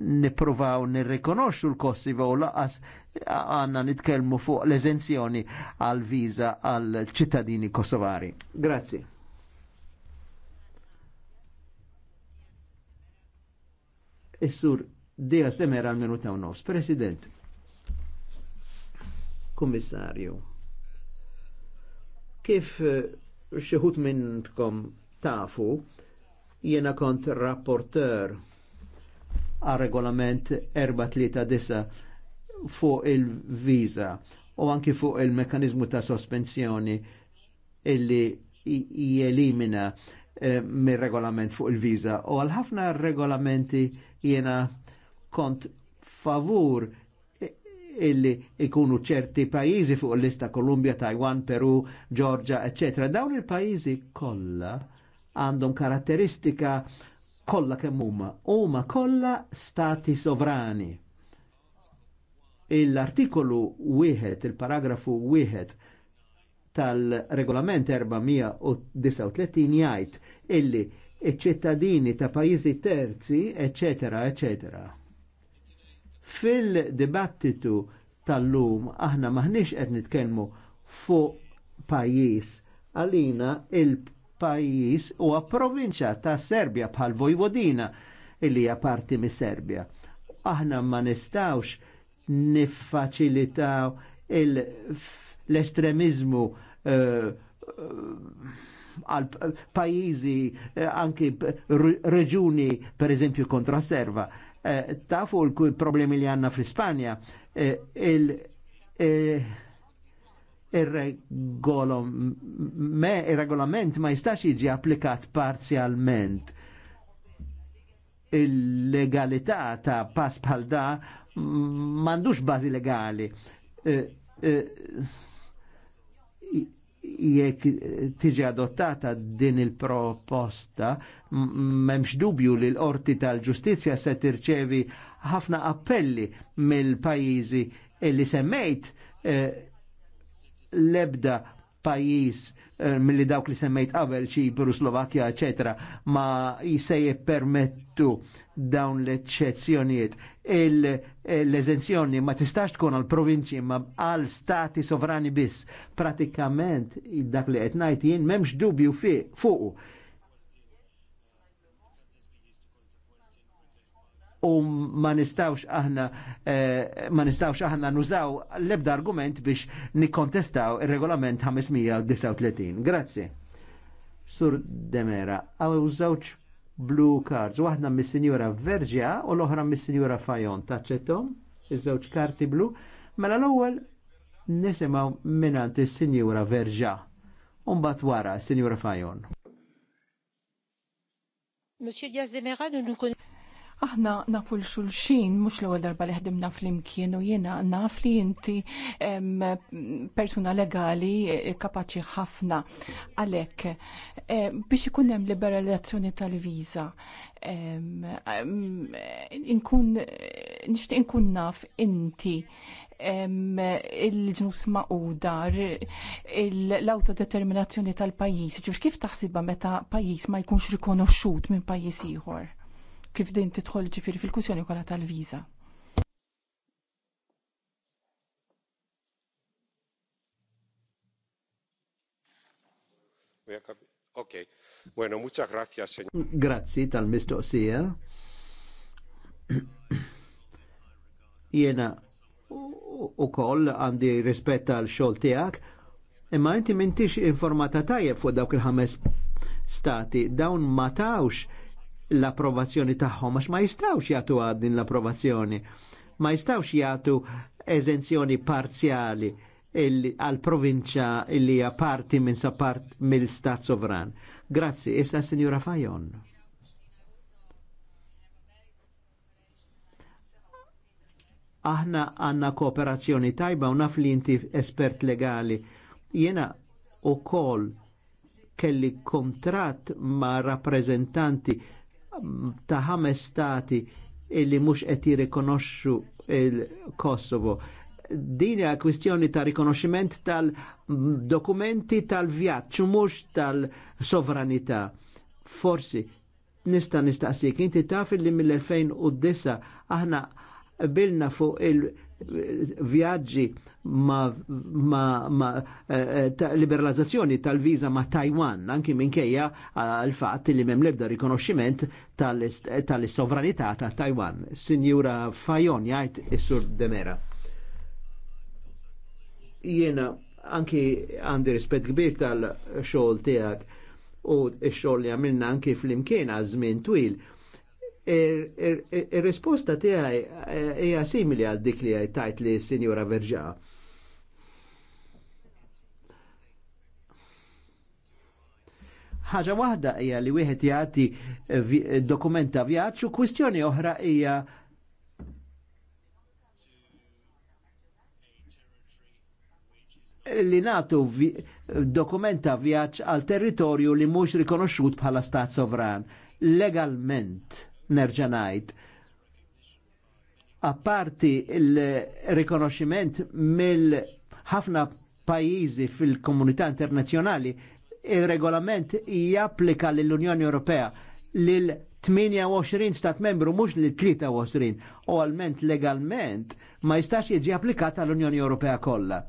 nipruvaw nirrikonoxxu l-Kosovo u laqas għanna nitkellmu fuq l-eżenzjoni għal viża għal ċittadini kosovari. Grazzi. Is-sur Dias Demer għal-minuta u nofs. President, Kommissarju, kif eh, xieħut minnkom tafu, jena kont rapporteur għal regolament 439 fuq il-viza u anki fuq il-mekanizmu ta' sospensjoni illi jelimina eh, mir regolament fuq il-viza u għal ħafna regolamenti jena kont favur illi ikunu ċerti pajizi fuq l-lista Kolumbja, Taiwan, Peru, Georgia, eccetera. Dawn il-pajizi kollha għandhom karatteristika Kolla kemm huma, huma kollha stati sovrani. L-artikolu wieħed, il-paragrafu wieħed tal-regolament 439 jgħid illi ċittadini ta' pajjiżi terzi, eccetera, eccetera. Fil-dibattitu tal-lum aħna maħniex qed nitkellmu fuq pajjiż għalina il- pajjiż huwa provinċja ta' Serbia bħal Vojvodina illi hija parti mis Serbia. Aħna ma nistawx niffaċilitaw l-estremizmu eh, eh, għal uh, pajizi eh, anki reġuni per eżempju kontra serva. Tafu l-problemi li għanna fl-Ispanja, il-regolament ma jistax jiġi applikat parzjalment. Il-legalità ta' pass bħal da mandux bazi legali. E, e, jekk tiġi adottata din il-proposta, memx dubju li l-orti tal-ġustizja se tirċevi ħafna appelli mill-pajizi e li semmejt l-ebda pajis eh, mill-li dawk li semmejt qabel ċipru, Slovakkja, eccetera, ma jisej permettu dawn l-eccezzjonijiet. L-eżenzjoni ma tistax tkun għal provinċi ma għal stati sovrani biss. Pratikament, dak li qed ngħid jien m'hemmx dubju fuqu u ma nistawx aħna eh, ma nistawx aħna nużaw l-ebda argument biex nikkontestaw il-regolament 539. Grazzi. Sur Demera, għaw użawċ blue cards, waħda mis-sinjura Verġja u l-oħra mis-sinjura Fajon, taċċettom, iż-żewġ karti blu, mela l-ewwel nisimgħu minant is-sinjura Verġja. Umbat wara, sinjura Fajon. Monsieur Diaz de Mera, nous nous connaissons. Aħna nafu l-xulxin, mux l ewwel darba li ħdimna fl-imkien u jena naf li inti persuna legali eh, kapaċi ħafna għalek eh, biex ikun hemm liberalizzazzjoni tal-viża. Inkun nixtieq inkun naf inti il-ġnus maquda, l-autodeterminazzjoni tal-pajjiż, ġur kif taħsibha meta pajjiż ma jkunx rikonoxxut minn pajjiż ieħor? kif din tidħol ġifiri fil-kwissjoni kollha tal-viża. Ok, bueno, muchas gracias, señor. Grazzi tal-mistoqsija. Jena u koll għandi rispetta għal xol tijak, imma inti mintix informata tajja fuq dawk il-ħames stati, dawn matawx l-approvazzjoni tagħhom għax ma jistgħux jagħtu din l-approvazzjoni. Ma jistgħux jagħtu eżenzjoni parzjali għal provinċja li hija parti minn sa part mill-Stat Sovran. Grazzi, issa Sinjura Fajon. Aħna għanna kooperazzjoni tajba u naf li inti espert legali. Jena u kol kelli kontrat ma' rappresentanti ta' ħames stati illi mhux qed jirrikonoxxu il-Kosovo. Din hija kwistjoni ta' rikonoxximent tal-dokumenti tal-vjaġġ u mhux tal-sovranità. Forsi nista' nistaqsik, inti taf illi mill-2009 aħna bilna fuq il- vjaġġi ma, ma, ma eh, eh, ta liberalizzazzjoni tal-viza ma' Taiwan, anki minkejja għal eh, fatt li mem lebda rikonoxximent tal-sovranità ta' Taiwan. Sinjura Fajon jgħid is-sur Demera. Jiena anki għandi rispett kbir tal-xogħol tiegħek u x-xogħol li għamilna anki fl-imkien għazmin twil Ir-risposta tiegħi eh, hija simili għal dik li tajt li Sinjora Verġa. ħaġa waħda hija li wieħed jagħti dokumenta vjaġġ u kwistjoni oħra hija li natu vi, dokumenta vjaġġ għal territorju li mhux rikonoxxut bħala stat sovran legalment nerġanajt. Apparti il-rikonoximent mill-ħafna pajizi fil-komunità internazjonali, il-regolament japplika l-Unjoni Ewropea lil 28 stat membru mhux li 23 u għalment legalment ma jistax jiġi applikat għall-Unjoni Ewropea kollha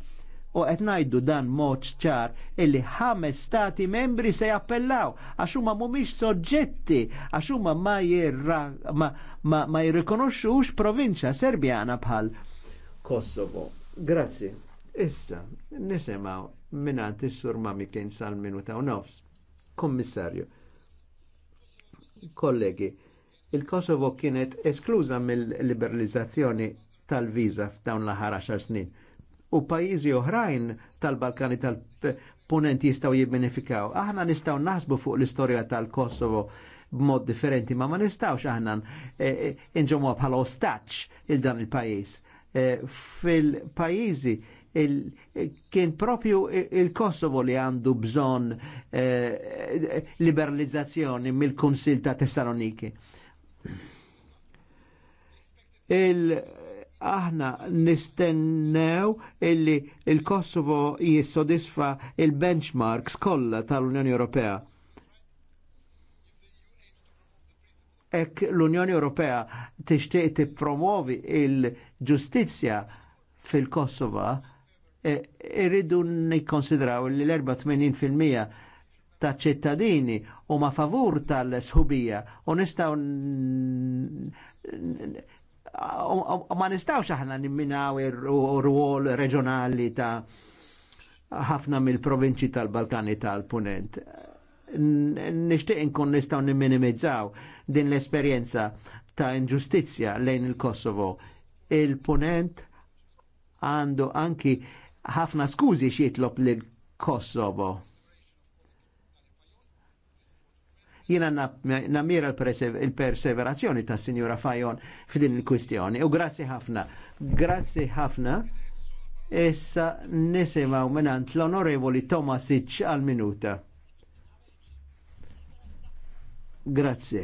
u qed ngħidu dan mod ċar illi ħames stati membri se jappellaw għax huma mhumiex soġġetti għax huma ma, ma, ma, ma jirrikonoxxux provinċja Serbjana bħal Kosovo. Grazzi. Issa, nisemaw minant is-sur Mami kien sal-minuta u nofs. Kommissarju, kollegi, il-Kosovo kienet esklusa mill-liberalizzazzjoni tal-viza f'dawn l-ħar 10 snin u pajjiżi oħrajn tal-Balkani tal-Punent jistgħu jibbenefikaw. Aħna nistgħu naħsbu fuq l-istorja tal-Kosovo b'mod differenti, ma ma nistawx aħna nġomu eh, eh, inġomu bħala ostaċ il-dan il pajiz eh, Fil-pajjiżi il, kien propju il-Kosovo li għandu bżon eh, liberalizzazzjoni mill-Kunsil ta' Tessaloniki. Il, aħna nistennew illi il-Kosovo jissodisfa il-benchmarks kollha tal-Unjoni Ewropea. Ek l-Unjoni Ewropea tixtieq tippromovi il-ġustizzja fil-Kosova, e, irridu nikkonsidraw li l-84% ta' ċittadini u ma' favur tal-sħubija u nistaw ma nistawx aħna nimminaw ir-rwol reġjonali ta' ħafna mill-provinċi tal-Balkani tal-Punent. Nishtiq nkun nistaw nimminimizzaw din l-esperjenza ta' inġustizzja lejn il-Kosovo. Il-Punent għandu anki ħafna skużi xietlob lil Kosovo Jina namira il perseverazzjoni ta' Signora Fajon f'din il-kwistjoni. U grazzi ħafna, grazzi ħafna. Issa nisimaw minant l-onorevoli Tomasic għal-minuta. Grazzi.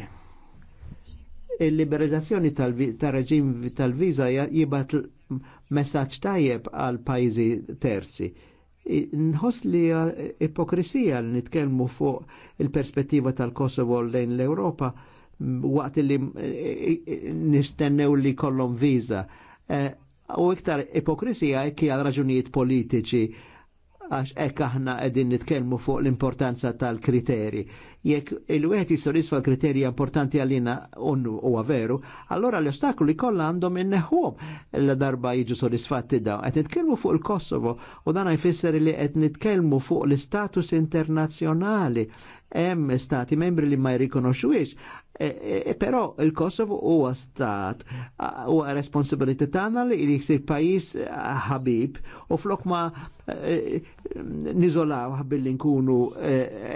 Il-liberalizzazzjoni tal-reġim tal-viza jibat messaċ tajjeb għal pajzi terzi nħoss li ipokrisija li nitkellmu fuq il-perspettiva tal-Kosovo lejn l-Europa waqt li e, e, e, nistennew li kollom viza. U iktar ipokrisija ekki għal raġunijiet politiċi għax ekk aħna qegħdin nitkellmu fuq l-importanza tal-kriteri. Jekk il-wieħed jissolisfa l-kriterji importanti għalina huwa veru, allora l ostakli kollha għandhom inneħħuhom l-darba jiġu sodisfatti dawn. Qed nitkellmu fuq il-Kosovo u dan jfisser li qed nitkellmu fuq l-istatus internazzjonali hemm stati membri li ma jirrikonoxxuhiex E, però il-Kosovo huwa stat eh, huwa responsibilità tagħna li jsir pajjiż ħabib u flok ma e, niżolaw billi nkunu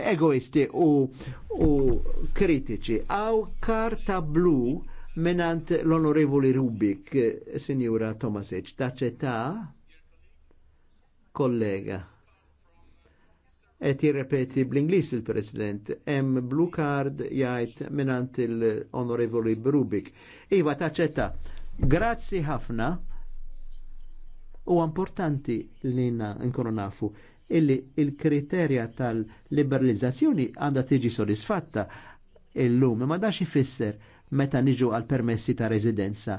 egoisti u, u kritiċi. Aw karta blu menant l-onorevoli Rubik, signora Tomasic, taċċetta kollega et jirrepeti bl inglis il-President. em blue card jgħid minant il-Onorevoli Brubik. Iva taċċetta. Grazzi ħafna u importanti li nkunu nafu illi il-kriterja tal-liberalizzazzjoni għandha tiġi sodisfatta illum ma dax ifisser meta niġu għal permessi ta' residenza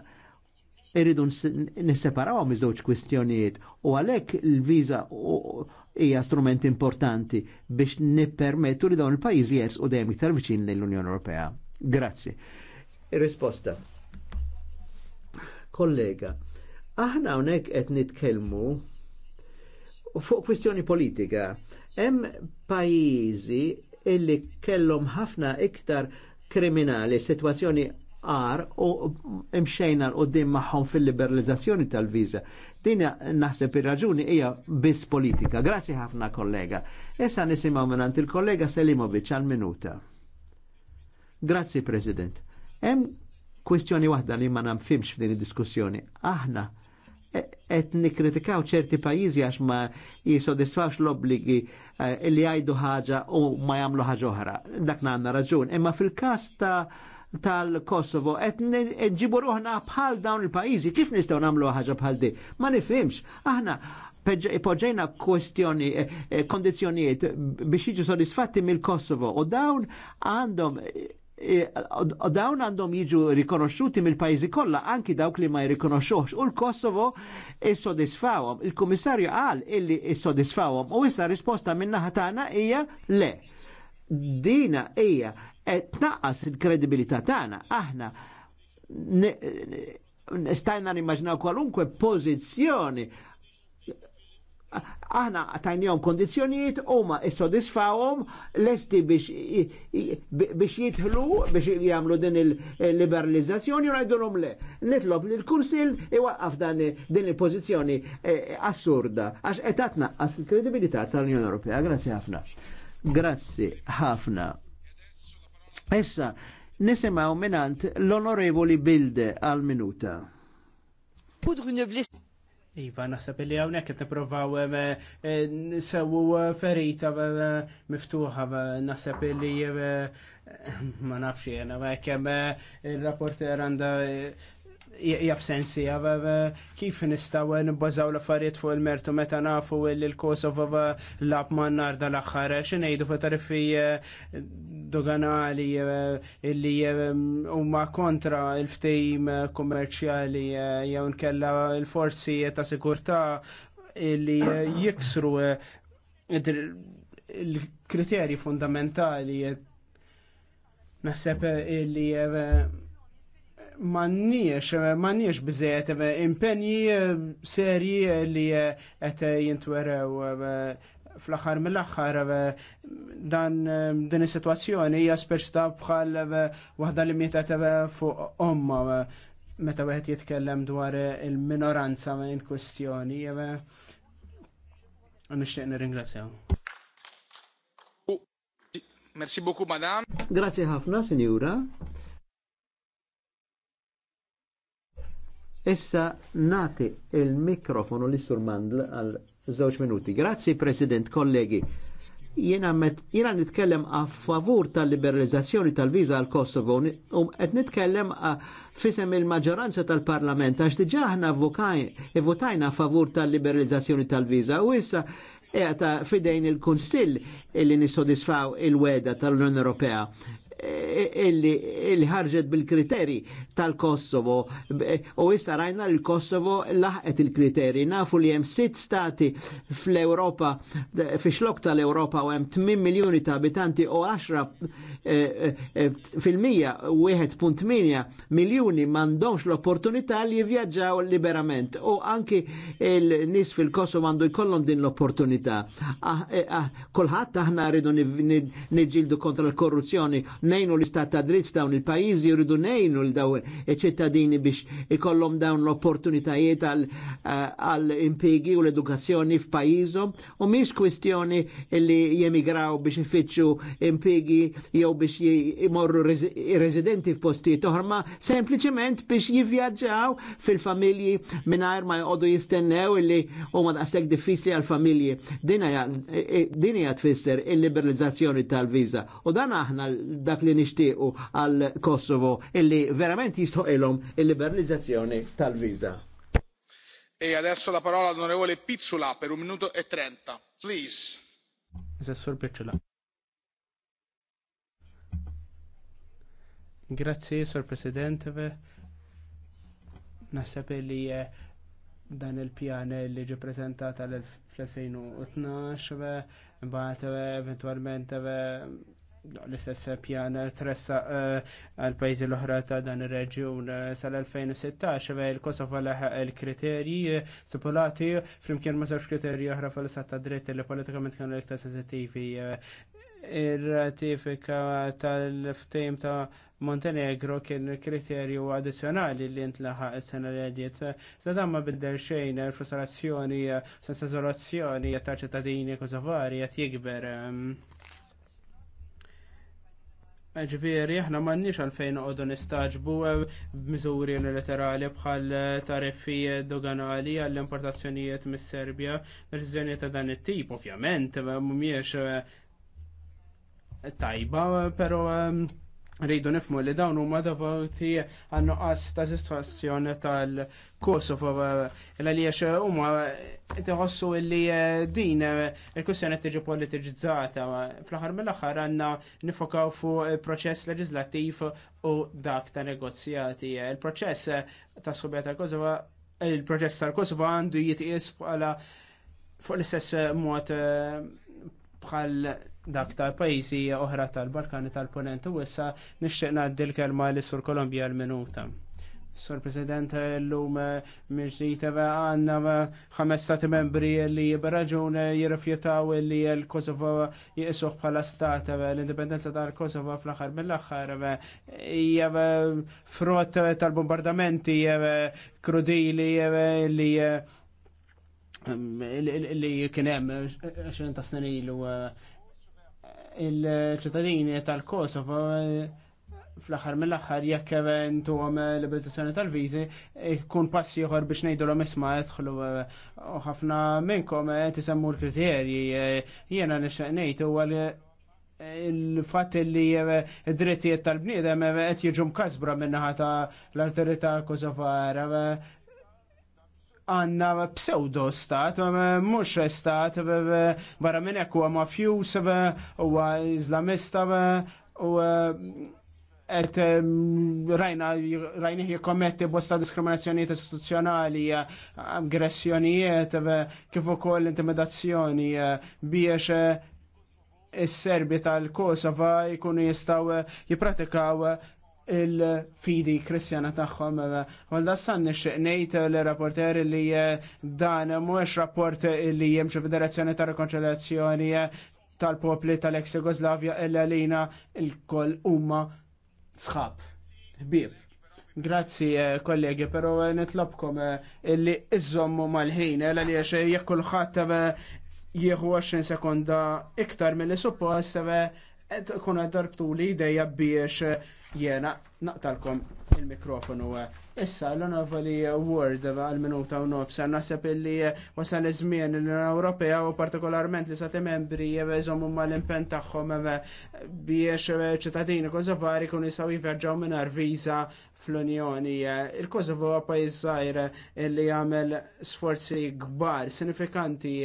irridu nisseparaw miż iż-żewġ kwistjonijiet u għalhekk il-viża hija strument importanti biex nippermettu li dawn il-pajjiżi jers u dejjem iktar viċin lill-Unjoni Ewropea. Grazzi. Risposta. Kollega, aħna hawnhekk qed nitkellmu fuq kwistjoni politika. Hemm pajjiżi illi kellhom ħafna iktar kriminali situazzjoni għar u imxejna l-qoddim maħħom fil-liberalizzazzjoni tal-viza. Din naħseb ir-raġuni hija biss politika. Grazzi ħafna kollega. Issa nisimgħu minn il-kollega Selimovic għal minuta. Grazzi President. Hemm kwistjoni waħda li ma nafhimx f'din id-diskussjoni. Aħna e- qed nikkritikaw ċerti pajjiżi għax ma jisodisfawx l-obbligi eh, li jgħidu ħaġa u ma jagħmlu ħaġa oħra. Dak għandna raġun. Imma fil-każ ta' tal-Kosovo, et nġibu ruħna bħal dawn il-pajizi, kif nistaw namlu ħaġa bħal di? Ma nifimx, aħna poġġejna kwestjoni, eh, eh, kondizjonijiet biex jiġu sodisfatti mill-Kosovo u dawn għandhom eh, dawn għandhom jiġu rikonoxxuti mill-pajjiżi kollha anki dawk li ma jirrikonoxxuhx u l-Kosovo issodisfawhom. Il-Kummissarju qal illi issodisfawhom u issa risposta minn naħa tagħna hija le. Dina hija tnaqqas il-kredibilità tagħna. Aħna stajna nimmaġinaw kwalunkwe pożizzjoni aħna tajnijom kondizjonijiet huma issodisfawhom lesti biex jidħlu biex jagħmlu din il-liberalizzazzjoni u ngħidulhom le. Nitlob li l kursil iwaqqaf dan din il pozizjoni e, e, assurda għax etatna tnaqqas il-kredibilità tal-Unjoni Ewropea. Grazie ħafna. Grazie ħafna. Issa, nisimaw minant l-onorevoli Bilde għal-minuta. Iva, nasab li għawnek qed niprovaw sewu ferita miftuħa, nasab li ma nafxie, ma il-rapporter għanda jaf sensi, kif nistaw nibbazaw l-affarijiet fuq il-mertu meta nafu li l-Kosovo lab man narda l axħar xinejdu fuq tariffi eh, doganali eh, li eh, huma kontra il-ftejm kommerċjali jew nkella l-forzi ta' sigurtà li jiksru il-kriterji fundamentali naħseb li Ma mannijiex bizziet, impenji eh, serji li għet eh, eh, jintwerew fl-axar mill-axar dan din is-sitwazzjoni hija speċta bħal waħda li mietet fuq omma meta wieħed jitkellem dwar il-minoranza in kwestjoni nixtieq nirringrazzjaw. Merci beaucoup, madame. Grazie ħafna, signora. Issa nati il-mikrofonu li surmandl għal żewġ minuti. Grazzi, President, kollegi. Jena, met, jena nitkellem a favur tal-liberalizzazzjoni tal-viza għal Kosovo, um qed nitkellem fisem il-maġġoranza tal-Parlament, għax diġà aħna votajna a favur tal-liberalizzazzjoni tal-viza u issa qiegħda fidejn il-Kunsill li nissodisfaw il-weda tal-Unjoni Ewropea illi ħarġet bil-kriteri tal-Kosovo u issa rajna l-Kosovo laħqet il-kriteri nafu li hemm sit stati fl-Europa fi xlok tal-Europa u hemm 8 miljuni ta' abitanti u 10 eh, eh, fil-mija 1.8 miljuni m'għandhomx l-opportunità li jivvjaġġaw liberament u anki il-nis fil-Kosovo għandu jkollhom din l-opportunità. Ah, eh, ah, kulħadd aħna rridu niġġieldu kontra l-korruzzjoni nejnu l-istat ta' dritt f'dawn il-pajizi, jridu nejnu l-daw ċittadini biex ikollhom dawn l-opportunitajiet għal-impiegi u l-edukazzjoni f'pajizom u miex kwistjoni li jemigraw biex ifittxu impiegi jew biex jimorru residenti f'postijiet oħra, ma sempliciment biex jivvjaġġaw fil-familji minnajr ma jgħodu jistennew illi huma daqshekk diffiċli għall familji Din hija tfisser il-liberalizzazzjoni tal viża U dan aħna dak li nixtiequ għal Kosovo illi verament jistħoqilhom il-liberalizzazzjoni tal-viża. E adesso la parola all'onorevole Pizzula per un minuto e trenta. Please. Assessor Pizzula. Grazie, Sor Presidente. Nasapelli è dan il-pjan li ġi prezentat fl-2012, mbagħad eventwalment l-istess pjan tressa eh, għal pajzi l-oħra ta' dan ir-reġjun eh, sal-2016 għaj il-Kosovo laħaq il-kriterji eh, stipulati flimkien ma' żewġ kriterji oħra fl istat ta' dritt li politikament kienu l-iktar sensitivi ir-ratifika tal ftim ta' Montenegro kien kriterju addizzjonali li intlaħa s-sena li għediet. Zadam ma bidder xejn, frustrazzjoni, sensazzolazzjoni ta' ċittadini kosovari għat jikber. Ġviri, aħna mannix għalfejn għodu nistaġbu eh, b'miżuri unilaterali bħal eh, tariffi doganali għall-importazzjonijiet mis serbja Deċiżjoni ta' dan it-tip, ovvjament, mumiex eh, tajba, pero rridu nifmu li dawn huma davoti għan-nuqqas ta' sitwazzjoni tal-Kosovo eh, l-għaliex eh, huma tħossu li eh, din il-kwistjoni tiġi politiġizzata. Fl-aħħar mill-aħħar għandna nifokaw fuq il-proċess leġislattiv u dak ta' negozjati. Il-proċess ta' sħubija tal-Kosovo il-proċess tal-Kosovo għandu jitqies bħala fuq l-istess mod bħal dak ta' pajjiżi oħra tal-Balkani tal-Ponent u issa nixtieq ngħaddi l-kelma li sur Kolombja l-minuta. Sur President l-lum eh, mġdita eh, għanna eh, ħames stati membri li b'raġun jirrifjutaw li l-Kosovo jisuħ bħala stat l-indipendenza tal-Kosovo fl-axar mill-axar hija frott tal-bombardamenti krudili li li kien hemm 20 ta' snin ilu il-ċittadini tal-Kosovo fl-axar mill-axar jekk eventu għom liberalizzazzjoni tal-vizi, kun passi uħor biex nejdu l-għom isma jitħlu uħafna eh, minnkom eh, tisemmu l-kriterji, eh, jena nixnejtu għal il-fat li id-drittijiet tal-bniedem qed jiġu mkasbra minnaħa ta' l arterita Kosovara għanna pseudo stat, mux stat, barra minnek huwa mafjus, huwa islamista, u et rajna rajni jikommetti bosta diskriminazzjonijiet istituzzjonali, aggressjonijiet, kif ukoll intimidazzjoni biex is-Serbi tal-Kosova jkunu jistgħu jippratikaw il-fidi kristjana tagħhom. Għalda s-sanni x ngħid l-rapporter li eh, dan mhuwiex rapport li jemxu Federazzjoni ta' Rekonċiljazzjoni eh, tal-popli tal-ex jugoslavia il lina il-koll huma sħab. Bib. Grazzi eh, kollegi, pero nitlobkom illi iżommu mal-ħin, illa li jekk kulħadd jieħu 20 sekonda iktar mill-suppost, kun darbtu li ideja biex jena naqtalkom il-mikrofonu. Issa, l-onorvali Word għal-minuta u nobsa, nasab illi wasal iż-żmien l-Unjoni Ewropea u partikolarment li sati membri u mal-impen tagħhom biex ċittadini kozovari kun jistgħu jivvjaġġaw mingħajr viża fl-Unjoni. Il-Kosovo huwa pajjiż żgħir li jagħmel sforzi kbar, sinifikanti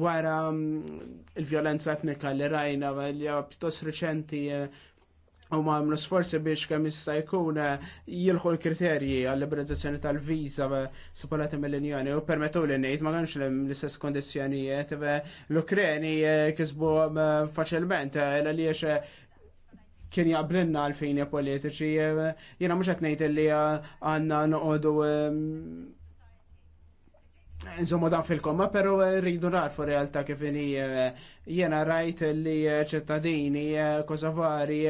wara mm, l vjolenza etnika li rajna, li pjuttost riċenti u ma għamlu sforzi biex kemm jista' jkun eh, jilħu l-kriterji għall-liberalizzazzjoni tal-viża eh, separati mill-Unjoni u permettu li ngħid ma għanx l-istess kondizjonijiet eh, l-Ukreni kisbu faċilment għaliex kien għal fini politiċi jiena mhux qed ngħid li għandna noqogħdu Insomma dan fil-komma, pero rridu narfu realtà kif inhi jiena rajt li ċittadini kosavari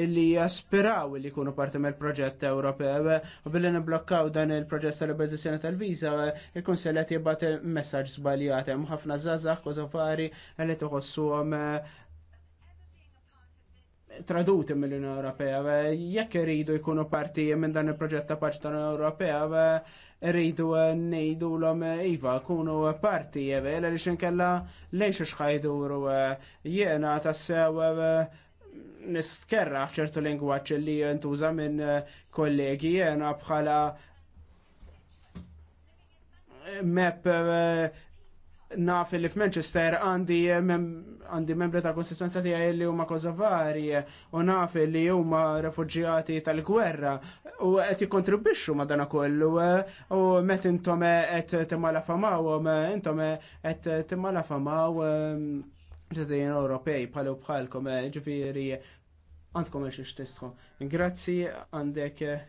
illi jaspiraw illi jkunu parti mill proġett Ewropew u billi niblokkaw dan il-proġett tal liberizzazzjoni tal viza il-Kunsell qed jibgħat messaġġ żbaljat hemm ħafna żgħażagħ kożofari li tħossuhom eh, traduti mill-Unjoni Ewropea. Jekk iridu jkunu parti minn dan il-proġett ta' paċ tal-Unjoni Ewropea, rridu nejdu l-om Iva, kunu parti, jeve, l-li xinkella lejx xħajduru, jena tassew nistkerra ċertu lingwaċ li jentuża minn eh, kollegi jena bħala eh, mep eh, naf li f'Manchester għandi għandi membri tal konsistenza tiegħi li huma kozavari u naf li huma refuġjati tal-gwerra u qed jikkontribwixxu ma dana kollu u met intom qed timala u intom qed timala famaw ċittadin Ewropej bħalu bħalkom eh, ġifiri, għandkom eċi xtistħu. Grazzi għandek eh,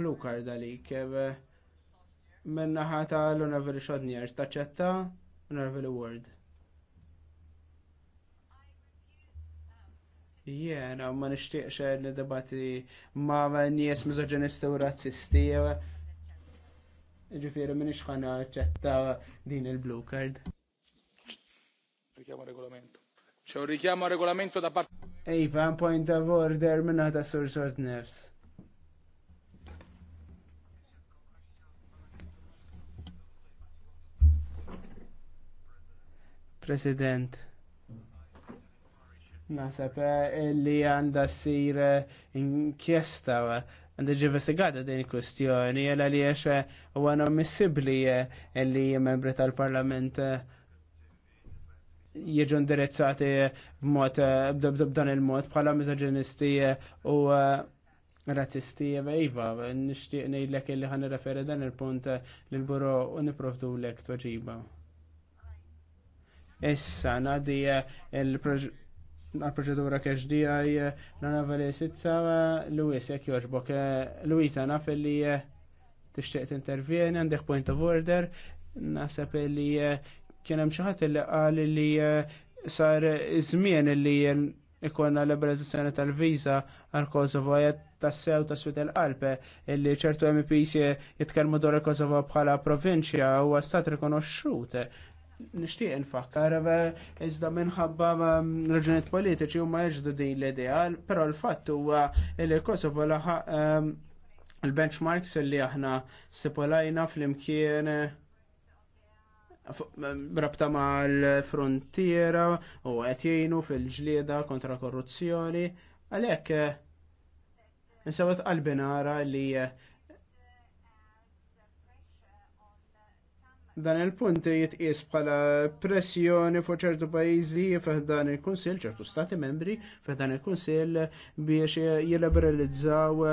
blue card għalik eh, menna ħata l-Unavili Shodnier taċċetta Unavili Word. Jena, ma nishtiqx li debati ma nies mizoġenisti u razzisti. Ġifiri, minix ħana ċetta din il-blue card richiamo al regolamento. C'è un richiamo al regolamento da parte... Ehi, fa un point of order minnata sul short nerves. President. sape eh, li għanda sir eh, inkjesta għanda ġivestigata din il-kustjoni, għala li għax eh, u għana missibli li membri tal-parlament jieġu indirizzati b'mod eh, b'dan il-mod bħala mizoġinisti eh, u eh, razzisti iva, nixtieq ngħidlek illi ħan referi dan il-punt l buro u niprofdu lek tweġiba. Issa nadi il-proċedura kex għaj nana anavali sitza Luis jek joġbok. Luisa naf illi tixtieq t-intervjeni, għandek point of order, naħseb illi kien hemm xi ħadd li qal li eh, sar żmien li ikonna liberalizzazzjoni tal-viża għal Kosovo tassew ta' swit il qalpe eh, illi ċertu MPs jitkellmu dwar il-Kosovo bħala provinċja huwa stat rikonoxxut. Nixtieq nfakkar eh, iżda minħabba mm, raġunijiet politiċi huma jeġdu din l-idea, però l-fatt huwa li Kosovo laħaq il-benchmarks li aħna sipolajna fl-imkien rabta mal-frontiera u qed jgħinu fil-ġlieda kontra korruzzjoni. Għalhekk eh, nsewet qalbi nara li eh, dan il-punt jitqies bħala pressjoni fuq ċertu pajjiżi f'dan il-Kunsill, ċertu stati membri f'dan il-Kunsill biex jiliberalizzaw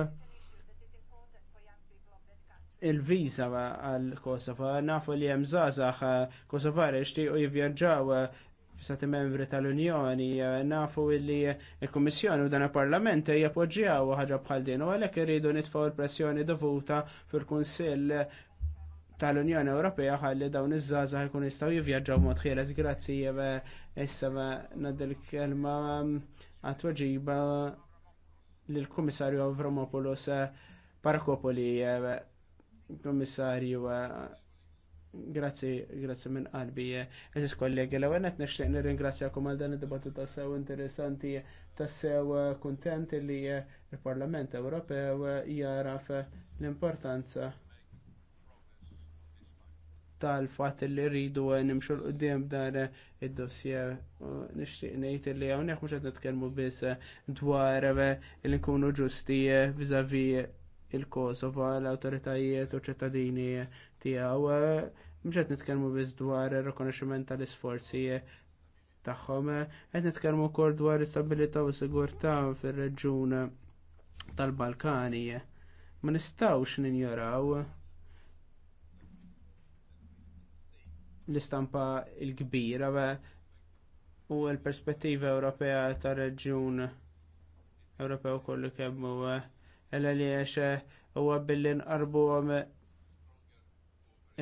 il-viza għal Kosova. Nafu li hemm żgħażagħ Kosovari jixtiequ jivvjaġġaw stati membri tal-Unjoni, nafu li il-Kommissjoni u dan il-Parlament jappoġġjaw ħaġa bħal din u għalhekk iridu nitfgħu l-pressjoni dovuta fil-Kunsill tal-Unjoni Ewropea ħalli dawn iż-żgħażagħ jkun jistgħu jivvjaġġaw mod ħieles grazzi issa nadil kelma għat-tweġiba lill-Kummissarju Avramopoulos Parakopoli Kommissarju, eh, grazzi, grazzi minn qalbi. Eh, eżis kollegi, l għanet nishtiq nirringrazzjakom għal dan id-dibattu ta' sew interessanti, ta' sew eh, kontent li il-Parlament Ewropew jaraf l-importanza tal-fat li rridu nimxu l-qoddim dan id-dossier. Nixtieq ngħid li hawnhekk mhux qed netkelmu biss dwar l-inkunu ġusti vizavi il-Kosovo l-autoritajiet u ċittadini tiegħu. Eh, Mġed nitkellmu biss dwar ir-rikonoxximent tal-isforzi tagħhom, qed nitkellmu wkoll dwar istabilità u sigurtà fir reġun tal-Balkani. Ma nistgħux ninjoraw l-istampa l-kbira eh, u l-perspettiva Ewropea tar reġjun Ewropew kollu kemm eh, illa li għax u arbu nqarbu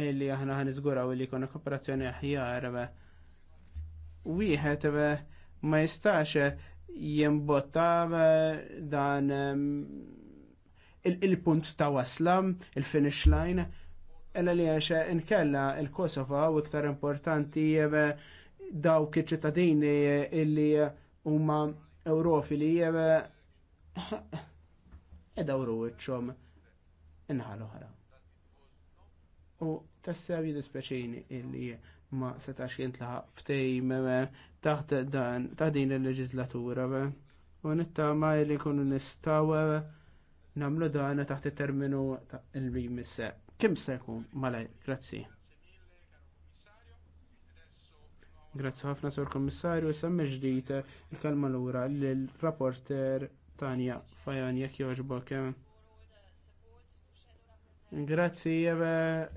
illi izgura u li kuna kooperazzjoni aħjar. Eh, wieħed eh, ma jistax eh, jimbotta dan il-punt ta' Waslam, il-finish line, illa li għax inkella il-Kosova u iktar importanti dawk iċ-ċittadini illi huma Ewrofi li edawru iċċom inħal uħra. U tassew jidispeċini illi ma setax jintlaħaq ftejm eh, taħt dan taħt din il-leġislatura eh. u nittama li kunu nistaw eh, namlu dan taħt il-terminu il-bimisse. Kim se jkun? Malaj, grazzi. Grazzi ħafna sur kommissarju, semmi ġdijt il-kalma l-ura l-rapporter Tanja Fajan jekk jogħġbok. Eh? Grazzi jebe, eh,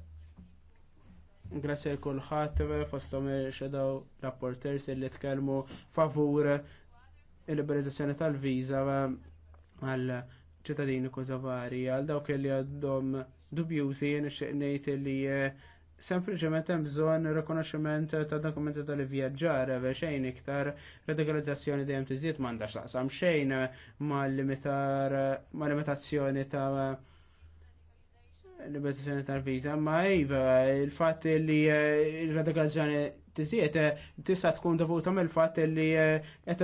Grazzi għal kulħadd eh, fostom xedaw rapporters li tkellmu favur il-liberizzazzjoni tal viza għal ċittadini kozavari għal dawk li għaddom dubjużi nixtieq ngħid li sempliċement hemm bżonn rikonoxximent ta' dokumenti tal-ivvjaġġar xejn iktar radikalizzazzjoni dejjem tiżjed m'għandax taqsam xejn ma' limitazzjoni ta' liberalizzazzjoni tal-viża, ma iva il-fatt li eh, l-radikalizzazzjoni tiżjed tista' tkun dovuta mill-fatt li eh, qed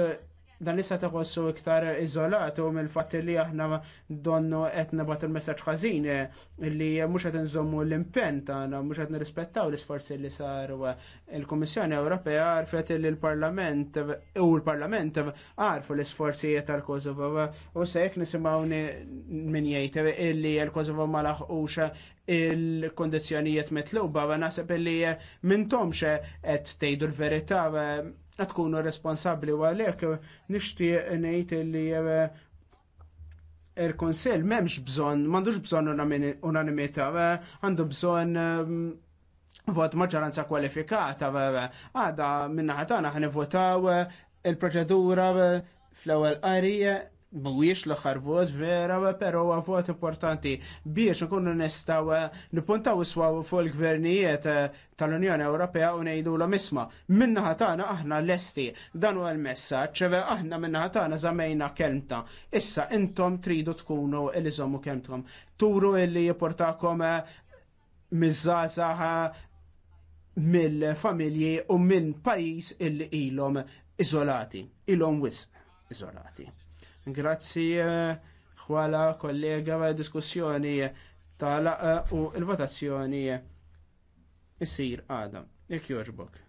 dan li se tħossu iktar izolatu mill-fatt li aħna donnu qed bat il messaġġ ħażin eh, li mhux qed inżommu l-impenn tagħna mhux qed nirrispettaw l-isforzi li saru. Il-Kummissjoni Ewropea għarfet li l-Parlament u l-Parlament għarfu l-isforzi tal-Kosovo u se jekk nisimgħu min jgħid eh, illi l-Kosovo ma laħqux il-kondizjonijiet mitluba, naħseb nasib li eh, tomxe qed tgħidu l-verità tkunu responsabli u għalek nishtiq nejt li eh, il-konsil memx bżon, mandux bżon unanimita, eh, għandu bżon eh, vot maġġoranza kwalifikata, għada minna ħatana ħan votaw il-proċedura fl-ewel qarija mhuwiex l-aħħar vot vera, però għu vot importanti biex nkunu nistaw nippuntaw iswaw fuq il-gvernijiet eh, tal-Unjoni Ewropea u ngħidulhom isma' Minna tagħna aħna lesti dan huwa l-messaġġ eh, aħna minna tagħna zamejna kelmta. Issa intom tridu tkunu il-izomu kelmtom. Turu illi jipportakom eh, miż-żgħażagħ mill-familji u minn pajjiż illi ilhom iżolati, ilhom wisq iżolati. Grazzi ħwala eh, kollega għal diskussjoni tal-laqa u il-votazzjoni issir għada. Jek joġbok.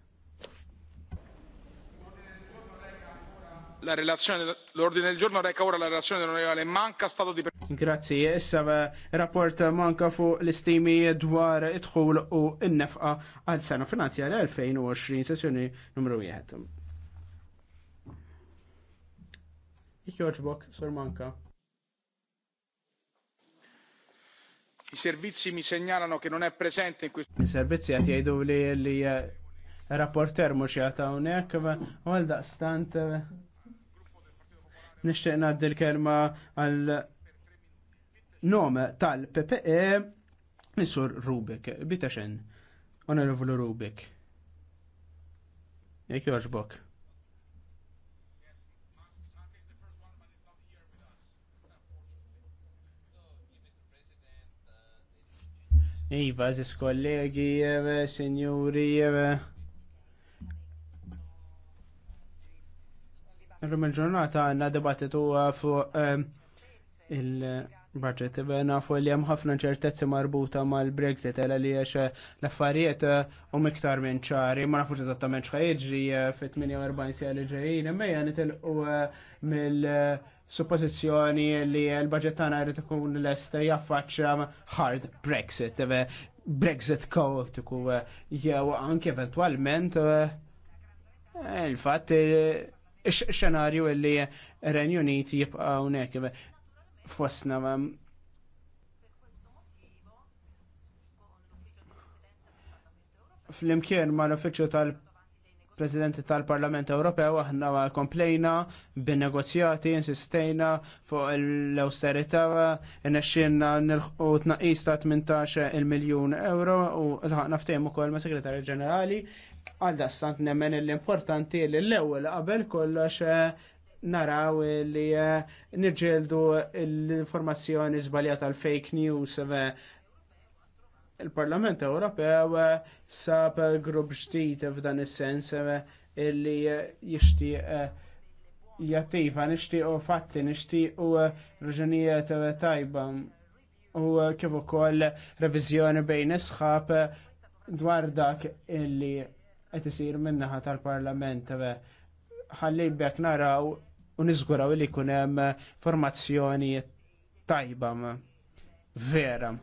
La relazione, l'ordine del giorno reca ora la relazione dell'onorevole Manca, stato di... Grazie, issa rapport manka fu l-istimi dwar idħul u n-nefqa għal sena finanzjarja 2020, sessjoni numru 1. Jogħġbok, Sur Manka. I servizi mi segnalano che non è presente in questo. I servizzi għat jgħidu li li eh, rapporter mux ata unek, għal stant... Eh, nishtiq naddi l-kelma għal nome tal-PPE Nisur Rubik, bitaxen, onorevolu Rubik. Jek joġbok. Iva, zis kollegi, signori, Rum il-ġurnata għanna dibattitu fuq ehm, il-budget. Nafu li hemm ħafna ċertezzi marbuta mal-Brexit, għal li għax l-affarijiet eh, u miktar minn ċari, ma nafux eżattament xħajġri eh, fit-48 sjali ġejjin, imma u eh, mill- suppozizjoni li l-budget tagħna jrid ikun lest jaffaċċja hard Brexit, eh, Brexit kaotiku eh, jew anke eventwalment eh, il-fatt xenarju li Renju Unit jibqa' hawnhekk fosna fl-imkien ma l-uffiċċju tal- Presidenti tal-Parlament Ewropew aħna komplejna bin-negozjati, insistejna fuq l-austerità, nexxinna nilħu tnaqis ta' 18 il-miljun euro u l-ħakna ftejmu ukoll ma' Segretarju Ġenerali għal dastant nemmen l-importanti li l-ewwel qabel kollox eh, naraw li eh, nirġeldu l-informazzjoni żbaljata tal fake news eh, il-Parlament Ewropew sab grupp ġdid f'dan is-sens eh, illi eh, jixtieq eh, jattiva, nixtiequ fatti, nixtiequ raġunijiet tajba u kif ukoll reviżjoni bejn isħab dwar dak illi qed isir min-naħa tal-Parlament ħalli bekk naraw u niżguraw li jkun hemm formazzjoni tajba vera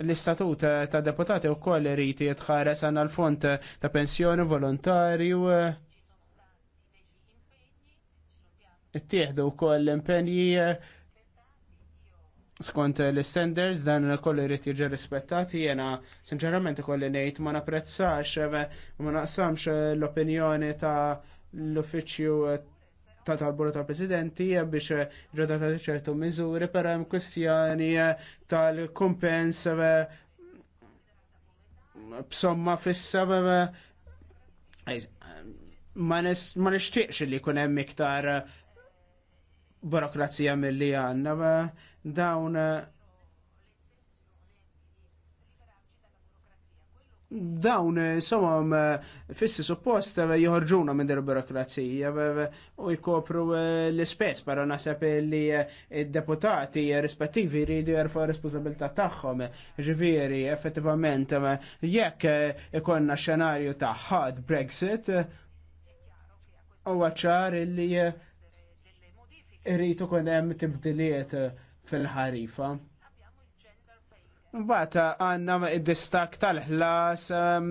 l-istatut ta' deputati u koll riti jitħares għanna l-font ta' pensjoni volontarju. Eh, ittieħdu u koll l-impenji eh, skont l-standards dan koll jrid jiġi rispettati jena sinċerament kolli ngħid ma napprezzax eh, ma naqsamx l-opinjoni ta' l-uffiċċju ta' tal bura tal-Presidenti eh, biex ġodata eh, ċertu miżuri per hemm kwestjani eh, tal-kumpens b'somma fissa ma nixtieqx li jkun hemm iktar burokrazija milli għandna dawn dawn eh, somam eh, fissi suppost eh, joħorġuna minn dir burokrazija u jkopru l-ispess para nasab li deputati rispettivi jridu jarfu responsabilità tagħhom ġifieri effettivament jekk ikonna xenarju ta' hard Brexit u ċar li rritu kun hemm tibdiliet fil-ħarifa. Mbagħad għandna id-distak tal-ħlas ehm,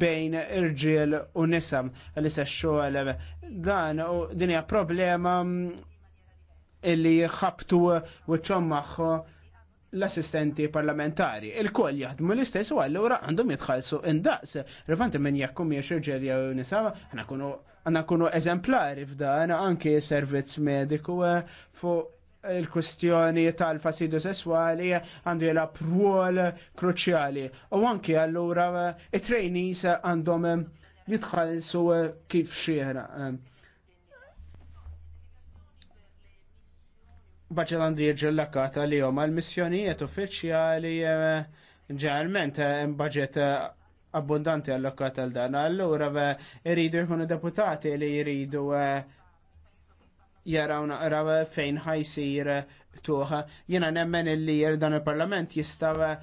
bejn irġiel u nisam li se xogħol ehm, dan u din hija problema ehm, illi ħabtu wiċċhom magħha l-assistenti parlamentari. Il-koll jaħdmu l-istess u għallura għandhom jitħallsu indaqs. Rifanti minn jekk jiex irġiel jew nisa, għanna kunu eżemplari f'dan anki servizz mediku eh, fuq il-kwestjoni tal-fasidu sessuali għandu jela pruol kruċjali. U anki allura eh, it-trainees għandhom eh, jitħallsu eh, kif xiera. Baċa għandu jirġellakata li għom għal-missjonijiet uffiċjali ġeneralment budget abbondanti allokat għal dan. Allura irridu jkunu deputati li jridu jaraw naqra fejn ħajsir tuħa. Jena nemmen illi dan il-parlament jistaw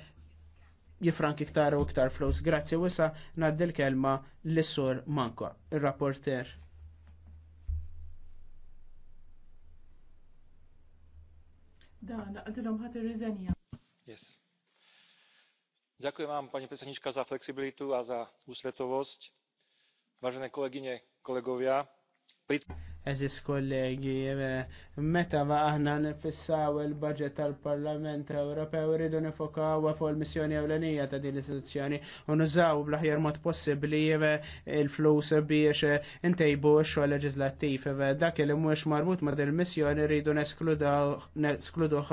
jifrank iktar u iktar flus. Grazzi wisa naddi l-kelma l-sur Manko, il-rapporter. Da, naqdilom ħat il-rizenja. Yes. Dziękuję Wam, Pani Przewodniczka, za fleksibilitu, a za usretowość. Ważne kolegynie, kolegowie, Eżis kollegi, eh, meta ma aħna nifissaw il-budget tal-Parlament Ewropew rridu nifokaw fuq il-missjoni ewlenija ta' din l-istituzzjoni u nużaw bl-aħjar mod possibbli eh, il-flus biex eh, intejbu x-xogħol leġislattiv. Dak li mhux marbut ma' din il-missjoni rridu neskluduh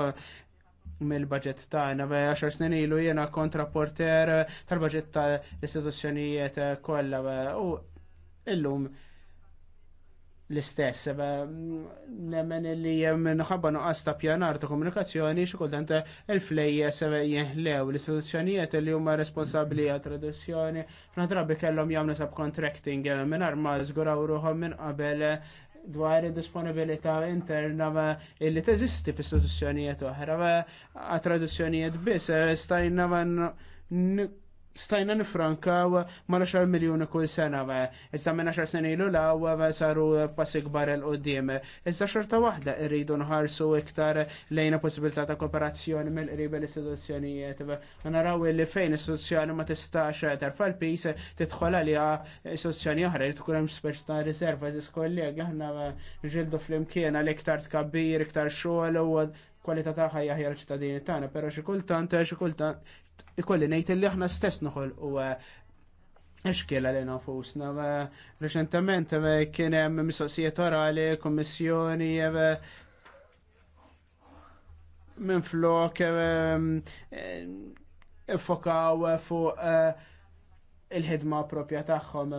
mill-budget tagħna għaxar snin ilu jiena kontraporter tal-budget tal-istituzzjonijiet kollha u illum l-istess. Nemmen li minħabba nuqqas ta' pjanar ta' komunikazzjoni xikultant il-flejja sebe jihlew l-istituzzjonijiet li huma responsabli għal traduzzjoni. Fna drabi kellhom jagħmlu subcontracting mingħajr ma żguraw ruħom minn qabel dwar il disponibilita interna li teżisti f'istituzzjonijiet oħra għal traduzzjonijiet biss stajna ma' stajna nifranka ma' 10 miljoni kull sena, iżda minn 10 sena ilu law saru passi gbar l-qoddim. Iżda xorta waħda irridu nħarsu iktar lejna possibilità ta' kooperazzjoni mill-qrib l-istituzzjonijiet. Naraw li fejn istituzzjoni ma tistax terfa l-pis titħol għalija istituzzjoni oħra li tkun hemm speċi ta' riserva eżis kollegi aħna ġildu fl-imkien għal iktar tkabbir, iktar xogħol u kwalità tal ħajja ħajja l-ċittadini tagħna, però xi kultant xi kultant ikolli nejt li aħna stess noħol u eh, Eċkela li nafusna, reċentament kien hemm mistoqsijiet orali, kommissjoni, eh, minn flok, eh, fokaw fuq il-ħidma propja tagħhom.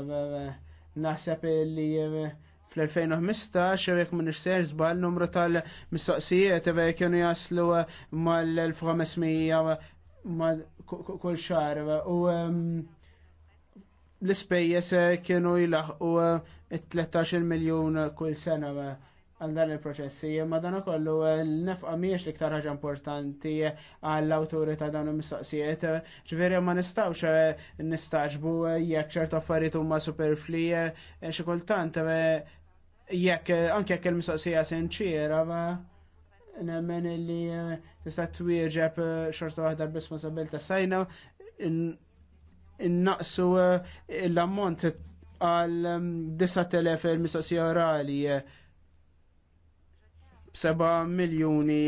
Naħseb li fl-2015 jekk minn ixser zbal numru tal-mistoqsijiet kienu jaslu mal-1500 kol xar u l-ispejjes eh, kienu u 13 miljon kull sena eh, għal dan il-proċessi. Ma dan kollu eh, l-nefqa miex liktar ħaġa importanti għall awtorita dan il-mistaqsijiet. Ġveri ma nistawx nistaġbu jekk ċertu affarijiet huma superfli xi kultant jekk anke jekk il-mistaqsija sinċira ma' nemmen li eh, tista' twieġeb eh, xorta waħda r-responsabilta sajna innaqsu eh, l-ammont għal 9000 mm, mistoqsija orali 7 miljoni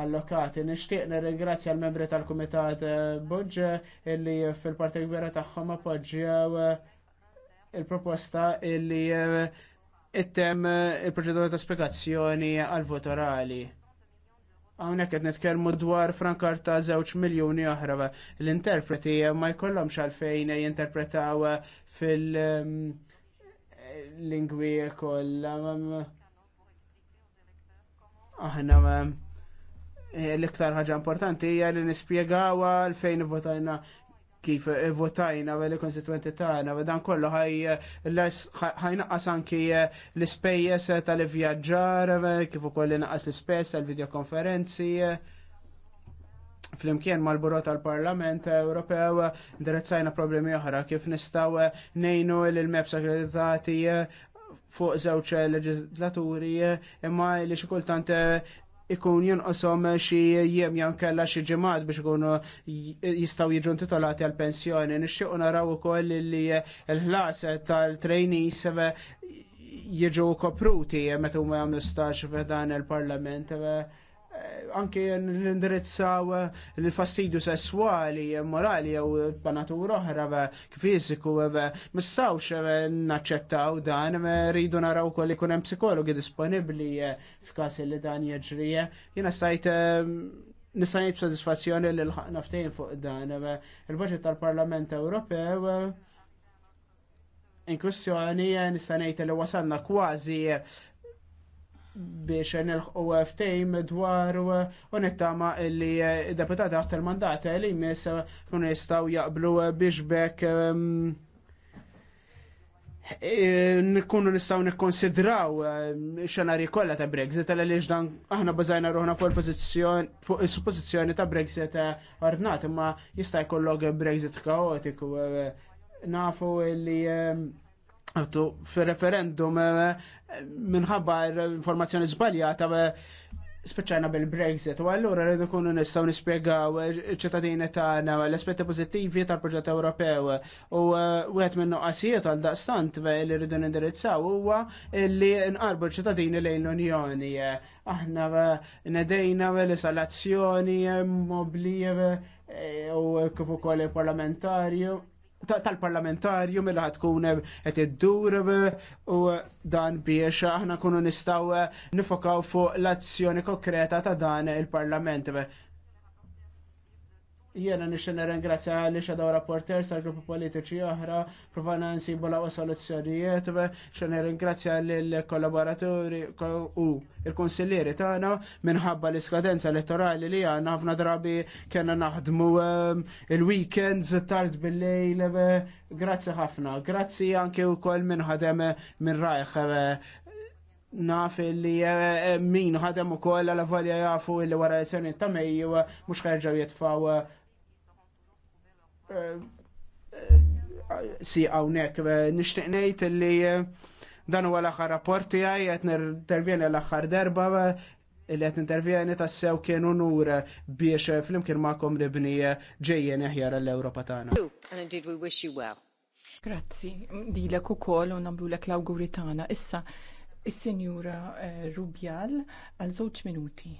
allokati. Nishtiq nirringrazzja l-membri tal-Kumitat Budge illi fil-parti gbira tagħhom appoġġjaw il-proposta illi it-tem eh, il-proċedura ta' spiegazzjoni għal votorali Għawnek għed netkermu dwar frankar ta' zewċ miljoni oħra. L-interpreti ma jkollom xalfejn jinterpretaw fil-lingwi ehm, kollha. Aħna eh, l-iktar ħaġa importanti hija li nispjegawa l fejn votajna kif votajna u l-konstituenti tagħna u dan kollu ħajnaqqas anki eh, l-ispejjeż tal-ivvjaġġar eh, kif ukoll inqas l-ispejjeż tal-videokonferenzi eh, flimkien mal-buro tal-Parlament Ewropew indirizzajna problemi oħra kif nistgħu ngħinu l-MEPS kreditati fuq żewġ leġislaturi imma li xi kultant ikun jonqosom xi jiem jan kella xi ġemad biex ikunu jistgħu jiġu intitolati għall pensjoni. Nixtiequ naraw ukoll li l-ħlas tal-trainees jiġu kopruti meta huma jagħmlu stax f'dan il-Parlament. Eh, anke l-indirizzaw eh, l-fastidju sessuali, eh, morali jew l-banatura oħra fiziku mistawx naċċettaw dan rridu naraw kolli kun hemm psikologi disponibbli f'każ li dan jiġri. Jiena stajt nista' ngħid b'sodisfazzjoni li l-ħaqna ftejn fuq dan. Il-budget tal-Parlament Ewropew in kwestjoni nista' ngħid li wasalna kważi biex nelħu Ftejn dwar u nittama illi deputati taħt il-mandat li jmiss kun jistaw jaqblu biex bekk um, eh, nkunu nistaw nikkonsidraw eh, xenari kollha ta' Brexit għal li dan aħna bażajna ruħna fuq il-pożizzjoni fuq is-suppożizzjoni ta' Brexit eh, ordnat imma jista' jkollok Brexit kaotiku nafu li għattu referendum eh, minħabba informazzjoni zbaljata eh, speċajna bil-Brexit u għallura rridu kunu nistaw u eh, ċittadini tagħna l-aspetti pozittivi tal-proġett Ewropew u wieħed minn għasijiet għal daqstant li rridu nindirizzaw huwa li nqarbu ċittadini lejn l-Unjoni. Aħna nedejna l-installazzjoni mobli u kif ukoll parlamentarju tal-parlamentarju mill mela tkun qed iddur u dan biex aħna kunu nistgħu nifokaw fuq l-azzjoni konkreta ta' dan il-parlament. Jena nixen ringrazzja li xadaw rapporter sa' gruppi politiċi oħra, provana nsibu la' soluzzjonijiet, xen ringrazzja l-kollaboratori u il-konsiljeri tagħna minħabba l-iskadenza elettorali li għanna għafna drabi kena naħdmu ehm, il-weekends tard bil-lejl, ehm, grazzi ħafna, grazzi anke u kol minnħadem minn rajħ ehm, naf li min ħadem u koll għal valja jafu li wara jesen ta' mejju mux ħerġaw jitfaw si hawnhekk eh, nixtieq ngħid li eh, dan huwa l-aħħar rapport tiegħi qed nirtervjeni l-aħħar derba eh, li qed intervjeni tassew kien unur biex flimkien li bni ġejjen eħjar l-Ewropa tagħna. Grazzi, dilek ukoll u nagħmlulek l-awguri tagħna. Issa, il sinjura Rubjal għal żewġ minuti.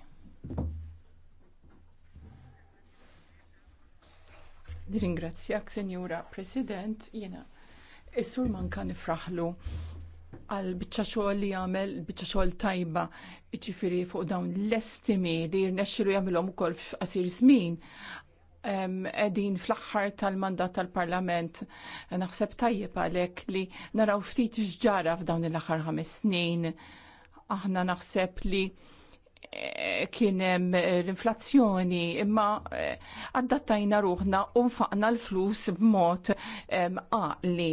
Nirringrazzjak, Senjura President, jena. Is-sur manka nifraħlu għal bicċa xogħol li jagħmel bicċa xogħol tajba, jiġifieri fuq dawn l-estimi li jirnexxilu jagħmilhom ukoll f'qasir żmien qegħdin fl-aħħar tal-mandat tal-Parlament naħseb tajjeb għalhekk li naraw ftit x'ġara f'dawn l-aħħar ħames snin. Aħna naħseb li kien hemm eh, l-inflazzjoni imma eh, adattajna ruħna u nfaqna l-flus b'mod għaqli.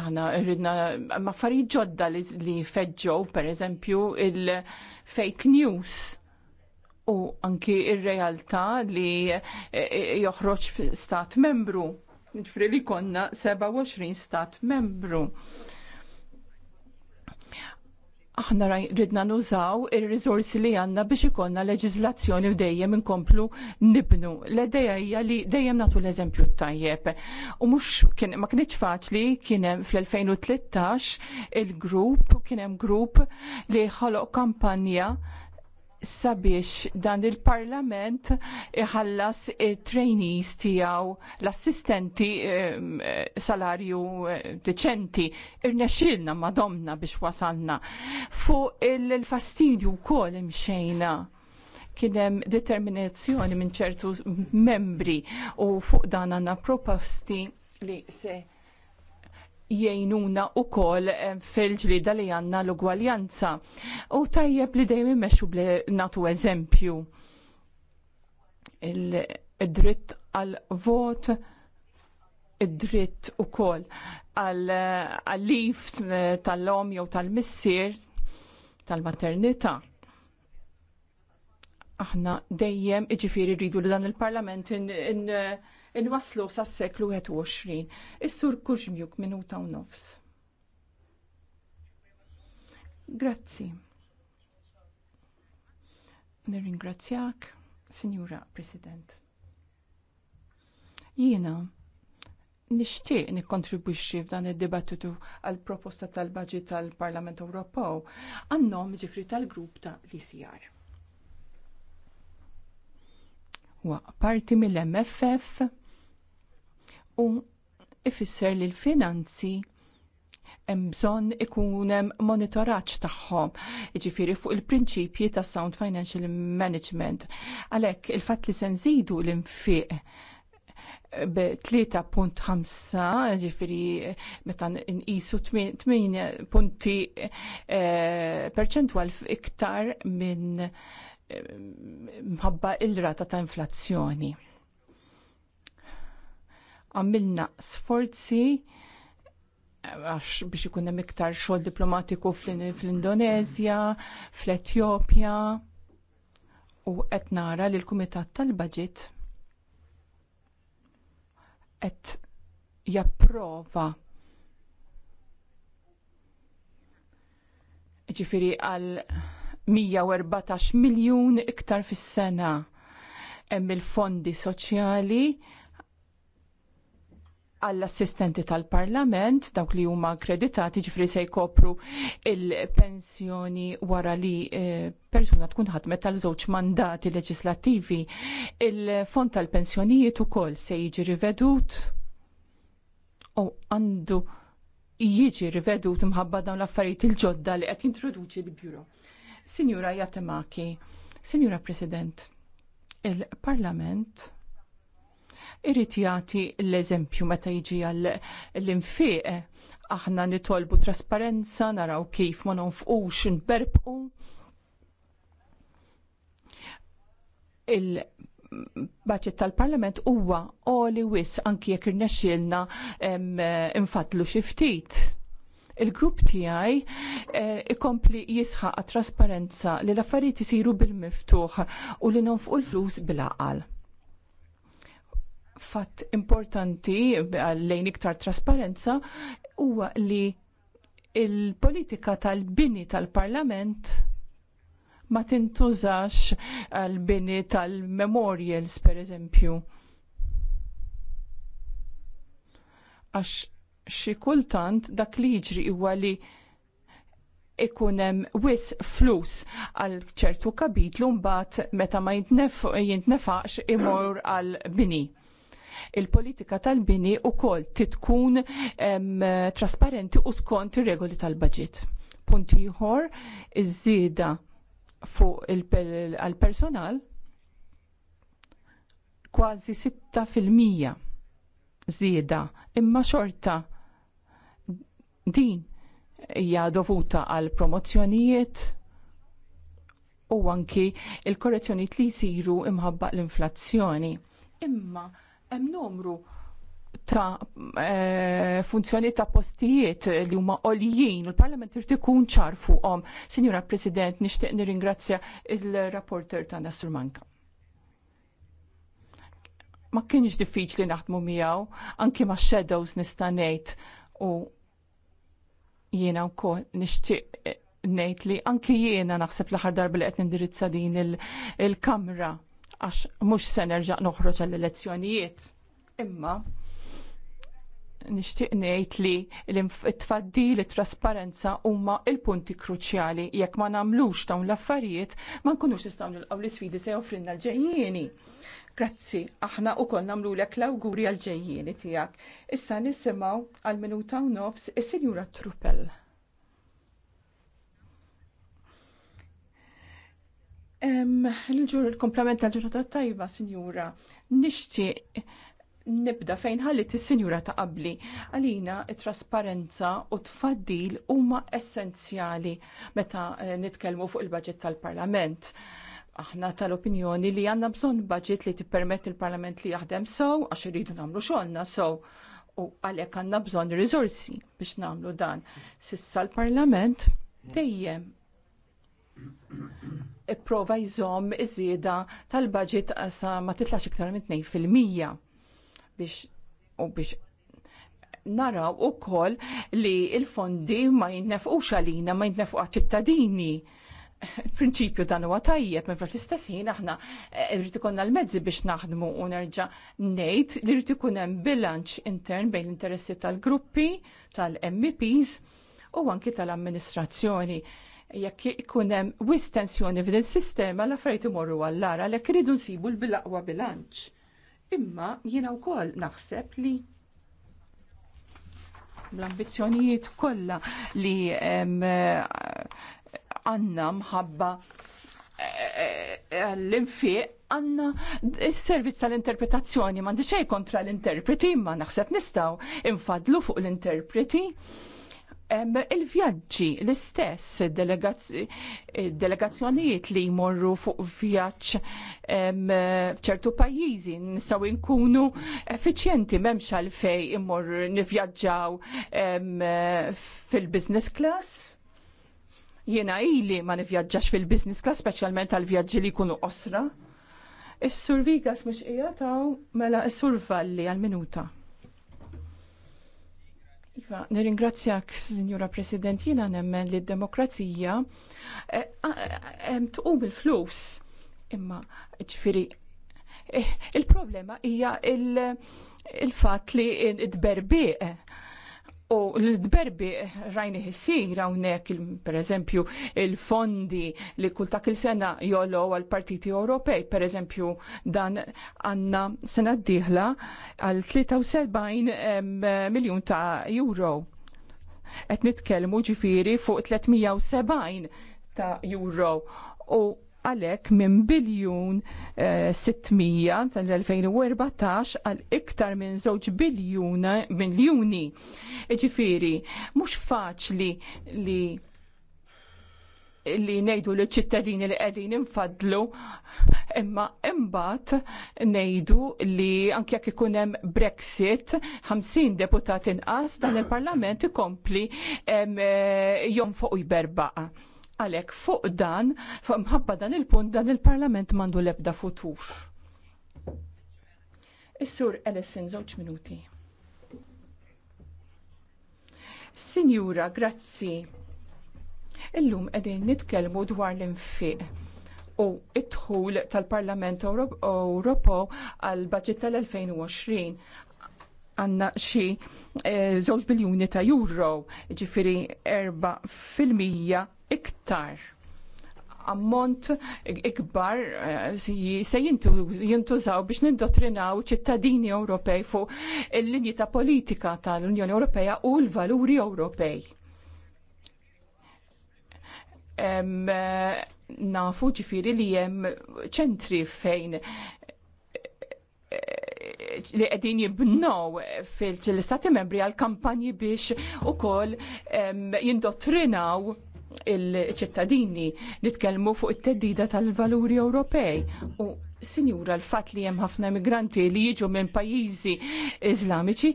Aħna rridna affarijiet ġodda li feġġew pereżempju il-fake news u anki ir-realtà li eh, joħroġ stat membru. Ġifri li konna 27 stat membru aħna ridna nużaw il-rizorsi li għanna biex ikonna leġizlazzjoni u dejjem inkomplu nibnu. L-ideja hija li dejjem natu l-eżempju tajjeb. U mux kien, ma kienx faċli kienem fl-2013 il-grupp, kienem grupp li ħoloq kampanja sabiex dan il-parlament iħallas il-trainees tijaw l-assistenti eh, salarju eh, deċenti irnexilna madomna biex wasalna fuq il-fastidju kol imxejna kienem determinazzjoni minn ċertu membri u fuq dan għanna proposti li se jgħinuna u kol eh, fil-ġlida li għanna l-ugwaljanza. U tajjeb li dejjem immexxu bli natu eżempju. Il-dritt għal-vot, id-dritt u kol għal-lif eh, tal-lom jew tal-missir tal-maternita. Aħna dejjem iġifiri rridu li dan il-parlament in, in, in eh, inwaslu sas-seklu 21. Is-sur Kuxmjuk minuta u nofs. Grazzi. Nirringrazzjak, Signora President. Jiena nixtieq nikkontribwixxi f'dan id-dibattitu għal proposta tal-Baġit tal-Parlament Ewropew għannom ġifri tal-grupp ta' l-ICR. Wa parti mill-MFF u ifisser li l-finanzi hemm bżonn ikun hemm monitoraġġ tagħhom, jiġifieri fuq il-prinċipji ta' sound financial management. Għalhekk il-fatt li se nżidu l-infiq b 3.5 ġifiri meta nqisu 8 punti eh, perċentwal iktar minn eh, mħabba il-rata ta' inflazzjoni għamilna sforzi għax biex ikun hemm iktar xogħol diplomatiku fl-Indonezja, fl-Etjopja u qed nara li l-Kumitat tal-Baġit qed japprova ġifiri għal 114 miljun iktar fis-sena hemm il-fondi soċjali għall-assistenti tal-parlament, dawk li huma kreditati ġifri se jkopru il-pensjoni wara li eh, persuna tkun ħadmet tal-żewġ mandati leġislattivi. Il-fond tal-pensjonijiet ukoll se jiġi rivedut u għandu jiġi rivedut imħabba dawn l-affarijiet il-ġodda li qed jintroduċi l-Bjuro. Sinjura Jatemaki, Sinjura President, il-Parlament irrid jagħti l-eżempju meta jiġi għall-infiq aħna nitolbu trasparenza, naraw kif ma nonfqux nberbqu. il-baċet tal-parlament huwa oli wis anki jekk irnexxielna mfatlu xi ftit il-grupp tiegħi eh, ikompli jisħaq trasparenza li l-affarijiet isiru bil-miftuħ u li nonfqu l-flus bil-aqal fatt importanti għallejn iktar trasparenza huwa li il-politika tal-bini tal-parlament ma tintużax għal-bini tal-memorials, per eżempju. Għax xi kultant dak li jiġri huwa li ikunem wis flus għal ċertu kabitlu mbagħad meta ma jintnefax imur għal bini il-politika tal-bini wkoll titkun trasparenti u skont ir-regoli tal-budget. Punt ieħor iż-żieda fuq il-personal kważi 6% żieda imma xorta din hija dovuta għal promozzjonijiet u anki il-korrezzjonijiet li jsiru imħabba l-inflazzjoni. Imma hemm numru ta' e, eh, funzjoni ta' postijiet li huma għoljin u l-Parlament irid ikun ċar fuqhom. Sinjura President, nixtieq nirringrazzja il-rapporter ta' Nasr Manka. Ma kienx diffiċli naħdmu miegħu, anki ma' shadows nista' ngħid u jiena wkoll nixtieq eh, ngħid li anki jiena naħseb l-aħħar darba li qed nindirizza din il-kamra. il kamra għax mux se nerġa' noħroġ għall-elezzjonijiet. Imma nixtieq ngħid li l infittfaddi li trasparenza huma l-punti kruċjali jekk ma nagħmlux dawn l-affarijiet ma nkunux nistgħu nilqgħu l-isfidi se joffrilna l-ġejjieni. Grazzi, aħna u koll namlu l l-awguri għal-ġejjieni tijak. Issa nisimaw għal-minuta u nofs is-Sinjura Truppel. Il-ġur il-komplement tal-ġurnata tajba, sinjura, Nishti nibda fejn ħallit is-sinjura ta' qabli. Għalina trasparenza u tfaddil huma essenzjali meta eh, nitkellmu fuq il-budget tal-Parlament. Aħna tal-opinjoni li għandna bżonn budget li tippermetti il-Parlament li jaħdem sew għax iridu nagħmlu xogħolna sew u għalhekk għandna bżonn riżorsi biex nagħmlu dan. Sissa l-Parlament dejjem ipprova jżomm iż-żieda tal-budget sa ma titlax iktar minn 2% biex u biex naraw ukoll li l fondi ma jitnefqux għalina, ma jitnefqu ċittadini. Prinċipju dan huwa tajjeb, minn fl istess ħin aħna eh, rrid ikollna l-mezzi biex naħdmu u nerġa' ngħid li rrid ikun hemm bilanċ intern bejn l-interessi tal-gruppi, tal-MEPs u anki tal-amministrazzjoni jekk ikun hemm wis tensjoni f'din sistema l-affarijiet imorru għall-ara għalhekk iridu nsibu l-bilaqwa bilanċ. Imma jiena wkoll naħseb li l-ambizzjonijiet kollha li għandna mħabba eh, eh, l-infiq għanna il-servizz tal-interpretazzjoni mandi xejn kontra l-interpreti, ma naħseb nistaw infadlu fuq l-interpreti il-vjaġġi l-istess delegazzjonijiet li jmorru fuq vjaġġ f'ċertu pajjiżi nistgħu nkunu effiċjenti m'hemmx għalfej immor nivvjaġġaw fil-business class. Jiena ili ma nivvjaġġax fil-business class speċjalment għal vjaġġi li jkunu osra. Is-sur Vigas mhux qiegħed mela s survalli għal-minuta. Iva, nirringrazzjak, Signora President, jina nemmen li d-demokrazija eh, eh, eh, tqum il-flus. Imma, ġifiri, il-problema hija il-fat li id-berbiq U l-dberbi rajni jissir hawnhekk pereżempju il-fondi li kultak il-sena jolo għal partiti Ewropej, pereżempju dan għanna sena d-dieħla għal 73 miljun ta' euro. Qed nitkellmu ġifiri fuq 370 ta' euro. U għalek minn biljun 600 eh, tal-2014 għal iktar minn zoċ biljun miljoni. Ġifiri, mux faċli li li nejdu li ċittadini li għedin infadlu imma imbat nejdu li anke jekk ikunem Brexit 50 deputat inqas dan il-parlament ikompli eh, jom fuq jberbaqa Għalek fuq dan, fuq mħabba dan il-punt dan il-Parlament mandu lebda futur. Is-sur Ellison, żewġ minuti. Sinjura, grazzi. Illum qegħdin nitkellmu dwar l-infiq u id-dħul tal-Parlament Ewropo għal budget tal-2020 għanna xi e, biljuni ta' euro, ġifiri 4 fil-mija iktar ammont ikbar eh, se jintużaw biex nindottrinaw ċittadini Ewropej fuq il-linji ta' politika tal-Unjoni Ewropea u l-valuri Ewropej. Eh, nafu ġifiri li jem ċentri fejn eh, li qegħdin jibnow fil-istati membri għal kampanji biex ukoll jindottrinaw il-ċittadini nitkellmu fuq it-teddida tal-valuri Ewropej. U sinjura l-fat li hemm ħafna migranti li jiġu minn pajjiżi iżlamiċi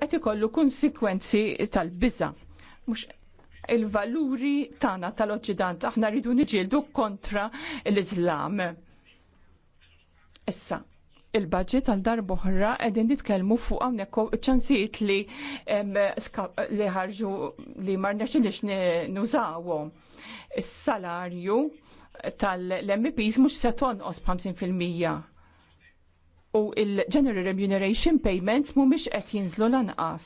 qed ikollu konsekwenzi tal-biża. Mhux il-valuri tagħna tal-Oċċidant aħna rridu niġildu kontra l-Iżlam. Issa, il-budget għal darboħra qegħdin nitkellmu fuq hawnhekk ċansijiet li li ħarġu li marnex nix nużawhom. Is-salarju tal-MPs mhux se tonqos b'50% u il-General Remuneration Payments mhumiex qed jinżlu lanqas.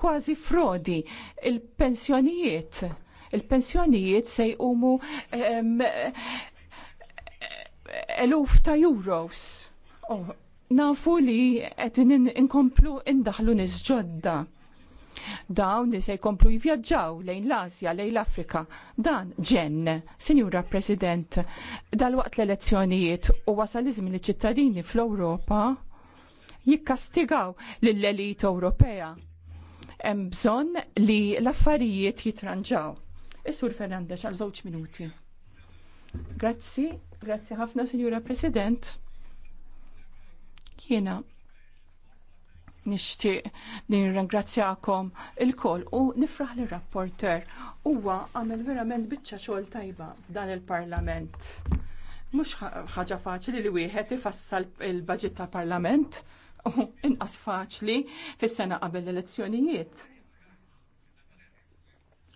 Kważi frodi il-pensjonijiet il-pensjonijiet se jqumu eluf ta' euros. Oh, nafu li qed inkomplu indaħlu nies ġodda. Dawn li se jkomplu jivvjaġġaw lejn l-Asja, lejn l-Afrika. Dan ġen, Sinjura President, dal-waqt l-elezzjonijiet u wasal iżmin li ċittadini fl-Ewropa jikkastigaw lill-elit Ewropea. Hemm bżonn li l-affarijiet jitranġaw. Isur Fernandez għal żewġ minuti. Grazzi, Grazzi ħafna, Sinjura President. Kiena nixtieq nirringrazzjakom il-koll u nifraħ lir rapporter Huwa għamel verament biċċa xogħol tajba f'dan il-Parlament. Mhux ħaġa faċli li wieħed ifassal il-baġit ta' Parlament u inqas faċli fis-sena qabel l-elezzjonijiet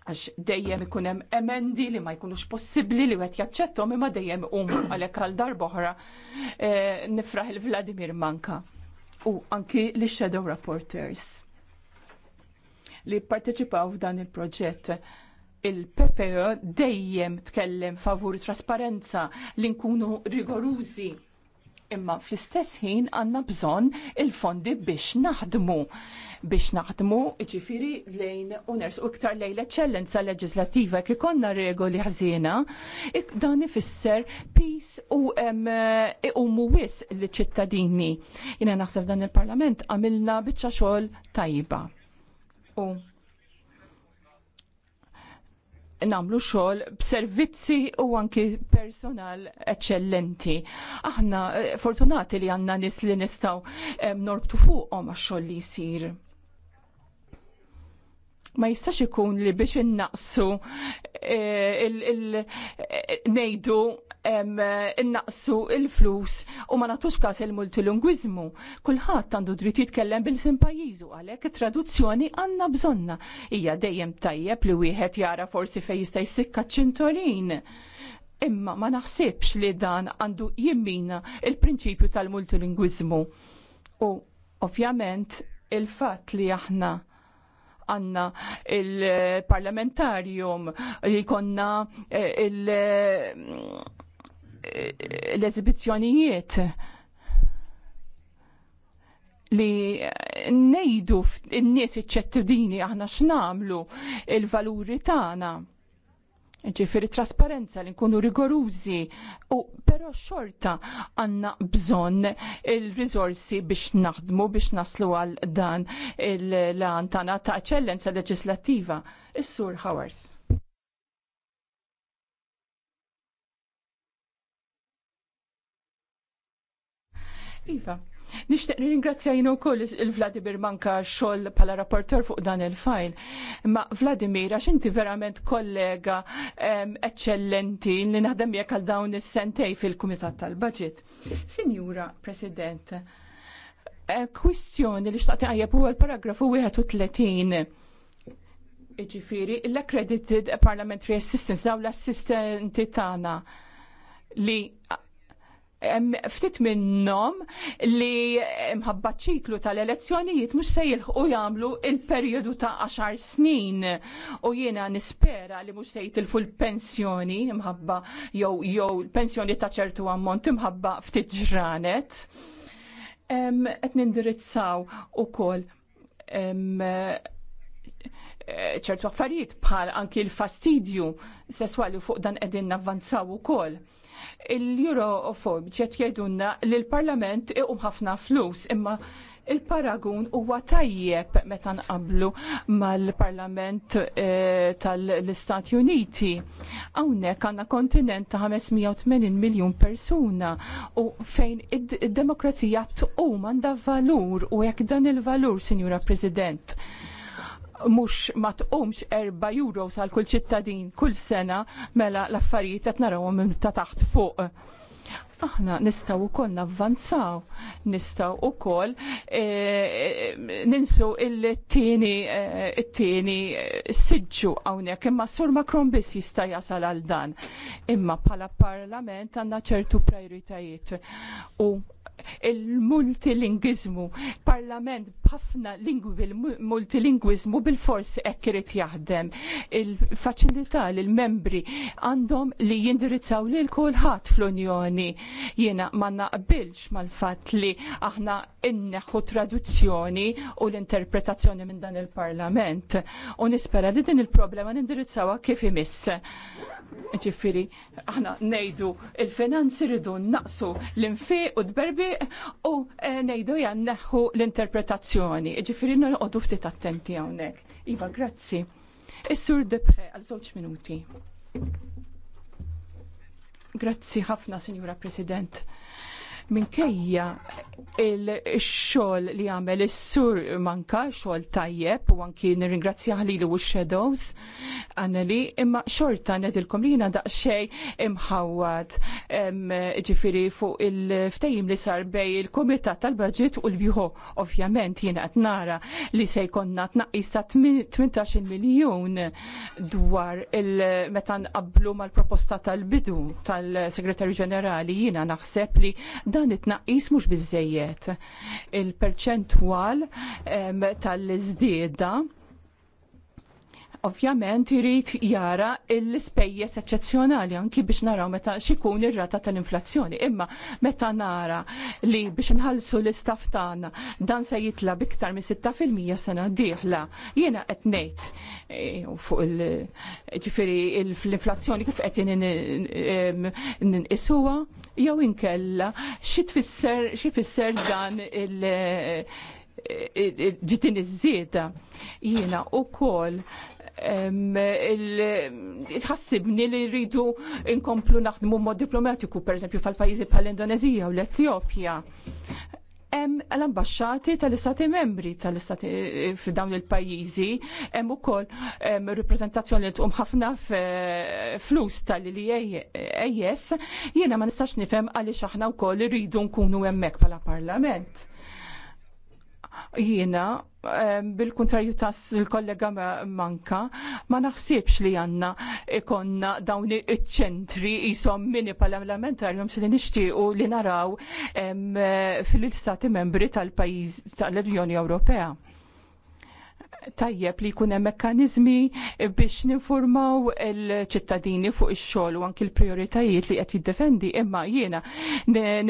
għax dejjem ikun hemm emendi li ma jkunux possibbli li wieħed jaċċettom imma dejjem hum għalhekk għal darb'oħra oħra eh, nifraħ il-Vladimir Manka u anki li shadow rapporters li parteċipaw f'dan il-proġett il-PPE dejjem tkellem favur trasparenza li nkunu rigorużi Imma fl-istess ħin għandna bżonn il-fondi biex naħdmu. Biex naħdmu ġifiri lejn uners u iktar lejn l eccellenza leġislativa kif konna regoli ħżiena, dan ifisser pis u iqumu wis l-ċittadini. Jiena naħseb dan il-Parlament għamilna biċċa xogħol tajba. U namlu xogħol b'servizzi u anki personal eċċellenti. Aħna eh, fortunati li għandna nis li nistgħu eh, norbtu fuqhom għax-xogħol li jsir ma jistax ikun li biex innaqsu eh, il-nejdu eh, eh, innaqsu il-flus u ma natux kas il-multilingwizmu. Kulħadd għandu dritt jitkellem bil-sim pajjiżu għalhekk it-traduzzjoni għandna bżonna. Hija dejjem tajjeb li wieħed jara forsi fejn jista' jissikka ċintorin imma ma naħsibx li dan għandu jimmina il-prinċipju tal-multilingwizmu. U ovvjament il-fat li aħna għanna il-parlamentarium li konna eh, eh, l-ezibizjonijiet li nejdu n-nies iċċettudini aħna x'namlu il-valuri tagħna ġifiri trasparenza li nkunu rigorużi u pero xorta għanna bżon il-rizorsi biex naħdmu biex naslu għal dan il antana ta' eccellenza legislativa. Is-sur Howard. Iva, Nishtiq ringrazzja u ukoll il-Vladimir Manka xogħol bħala rapporter fuq dan il-fajl. Ma Vladimir, għax inti verament kollega eċċellenti li naħdem jekk għal dawn is-sentej fil-Kumitat tal budget Sinjura President, e, kwistjoni li xtaqti għajab huwa l-paragrafu 31 Iġifiri, l-accredited parliamentary assistance, daw l-assistenti tagħna li ftit minnhom li mħabba ċiklu tal-elezzjonijiet mhux se jilħqu jagħmlu il-perjodu ta' 10 snin u jiena nispera li mhux se jitilfu l-pensjoni mħabba jew jew l-pensjoni ta' ċertu ammont imħabba ftit ġranet. Qed nindirizzaw ukoll ċertu affarijiet bħal anki l-fastidju sesswali fuq dan qegħdin navvanzaw ukoll Il-Eurofob ġet jedunna li l-Parlament iqum ħafna flus imma il-paragun huwa tajjeb meta nqablu mal-Parlament eh, tal-Istati Uniti. Hawnhekk għandna kontinent ta' 580 miljun persuna u fejn id-demokrazija tqum għandha valur u jekk dan il-valur, Sinjura President mux ma tqumx 4 euro sal kull ċittadin kull sena mela l-affarijiet qed narawhom minn ta' taħt fuq. Aħna nistaw wkoll navvanzaw, nistaw wkoll e, e, ninsu il tieni e, it-tieni siġġu hawnhekk imma sur Macron biss jista jasal għal dan. Imma bħala parlament għandna ċertu prioritajiet u il multilingwiżmu parlament b'ħafna lingwi bil-multilingwizmu bil-forsi ekkrit jaħdem. Il-faċilità li l-membri għandhom li jindirizzaw li l-kolħat fl-Unjoni. Jena ma naqbilx mal-fat li aħna inneħu traduzzjoni u l-interpretazzjoni minn dan il-parlament. U nispera li din il-problema nindirizzawa kif imiss ġifiri, aħna nejdu il-finanzi rridu naqsu l-infi u d-berbi u eh, nejdu janneħu l-interpretazzjoni. Ġifiri, nol-qodu ftit attenti għonek. Iva, grazzi. Is-sur Depre, għal żewġ minuti. Grazzi ħafna, Signora President minkejja il-xol li għamel is-sur manka xol tajjeb u anki nirringrazzjah li u shadows għanali imma xorta nedilkom li jina daqxej imħawad ġifiri fuq il-ftejim li sar bej il-komitat tal-budget u l-bjuħu ovvjament jina nara li se jkonna tnaqqis ta' 18 miljon dwar il-metan qablu mal-proposta tal-bidu tal-segretarju ġenerali jina naħseb li dan it mhux biżejjed il-perċentwal tal-iżdieda Ovvjament irid jara l-ispejjeż eċċezzjonali anki biex naraw meta xikun ir-rata tal-inflazzjoni. Imma meta nara li biex nħallsu l-istaff tagħna dan se jitla biktar minn 6% sena d-dieħla. Jiena qed ngħid e, fuq il-ġifieri l-inflazzjoni kif qed ninqisuha jew inkella xi tfisser xi fisser dan il- e, e, ġitin iż-żieda jiena u kol tħassibni li rridu inkomplu naħdmu mod diplomatiku, per eżempju, fal-pajizi pal indonezija u l-Etjopja. Hemm l-ambasċati tal-istati membri tal-istati eh, f'dawn il-pajjiżi, hemm ukoll rappreżentazzjoni li tqum ħafna flus tal-IAS, e e jiena ma nistax nifhem għaliex aħna wkoll irridu nkunu hemmhekk bħala parlament Jiena ehm, bil-kontrarju tas il-kollega manka, ma naħsibx li għanna ikonna dawn iċ-ċentri jisom mini parlamentarium li nixtiequ li naraw ehm, fil-istati membri tal-pajiz tal-Unjoni Ewropea. Tajjeb li jkun hemm mekkaniżmi biex ninformaw il-ċittadini fuq ix-xogħol u anki l-prijoritajiet li qed jiddefendi, imma jiena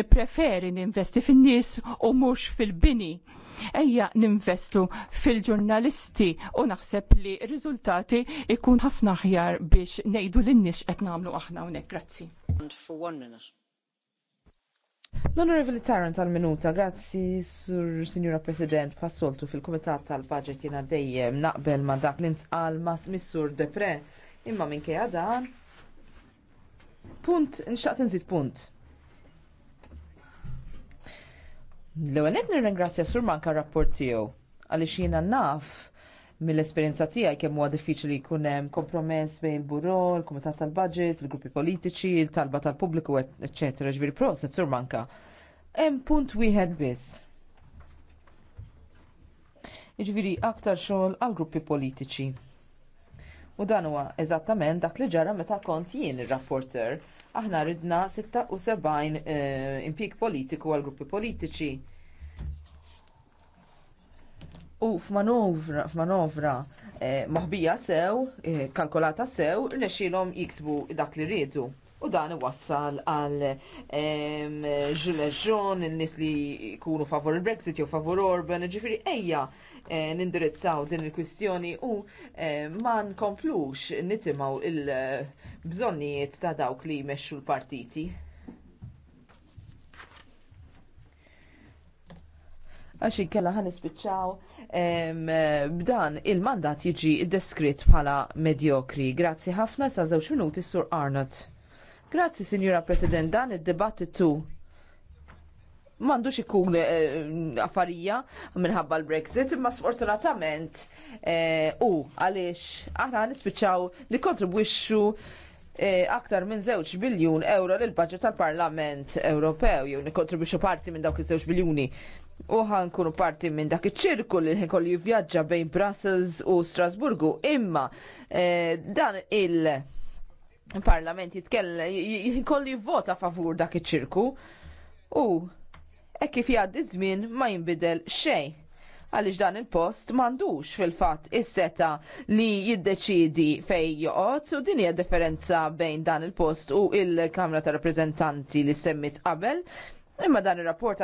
nippreferi ninvesti fin-nies u mhux fil-bini Ejja ninvestu fil-ġurnalisti u naħseb li riżultati ikun ħafna aħjar biex ngħidu l nix qed nagħmlu aħna hawnhekk. Grazzi. L-Onorevoli Taran tal minuta grazzi sur Signora President, passoltu fil-Kumitat tal-Budget jena dejjem naqbel ma dak l-intqal ma missur Depre, imma minn dan. Punt, nxtaqt nżid punt. L-ewwel qed nirringrazzja Sur Manka rapport tiegħu għaliex jiena naf mill-esperjenza tiegħi kemm huwa diffiċli jkun hemm kompromess bejn il-buro, il-kumitat tal-budget, il-gruppi politiċi, l talba tal-pubbliku, eċċetera, ġifieri proset Sur Manka. Hemm punt wieħed biss. Jiġifieri aktar xogħol għall gruppi politiċi. U dan huwa eżattament dak li ġara meta kont jien ir-rapporter aħna ridna 76 uh, eh, impik politiku għal gruppi politiċi. U f'manovra, f'manovra eh, moħbija sew, eh, kalkolata sew, rnexxilhom jiksbu dak li rridu u dan wassal għal ġileġon, n-nis li jkunu favor il-Brexit jew favor Orban, ġifiri ejja eh, nindirizzaw din il-kwistjoni u eh, ma nkomplux nitimaw il-bżonnijiet ta' dawk li jmexxu l-partiti. għax inkella ħan ispiċċaw b'dan il-mandat jiġi deskritt bħala medjokri. Grazzi ħafna sa' żewġ minuti sur Arnott. Grazzi, Signora President, dan id-dibattitu mandux ikun eh, affarija minħabba l-Brexit, imma sfortunatament eh, u għaliex aħna nispiċaw li kontribwixxu eh, aktar minn 2 biljun euro lil budget tal-Parlament Ewropew, jew nikontribwixxu parti minn dawk iż żewġ biljuni. U kunu parti minn dak iċ-ċirku li ħekollu jivvjaġġa bejn Brussels u Strasburgu. Imma dan il- il-Parlament jitkell jikolli vota favur dak iċ-ċirku u hekk kif jgħaddi żmien ma jinbidel xejn għaliex dan il-post mandux fil-fatt is-seta li jiddeċidi fej joqot u din hija differenza bejn dan il-post u il-Kamra ta' Rappreżentanti li semmit qabel. Imma dan ir-rapport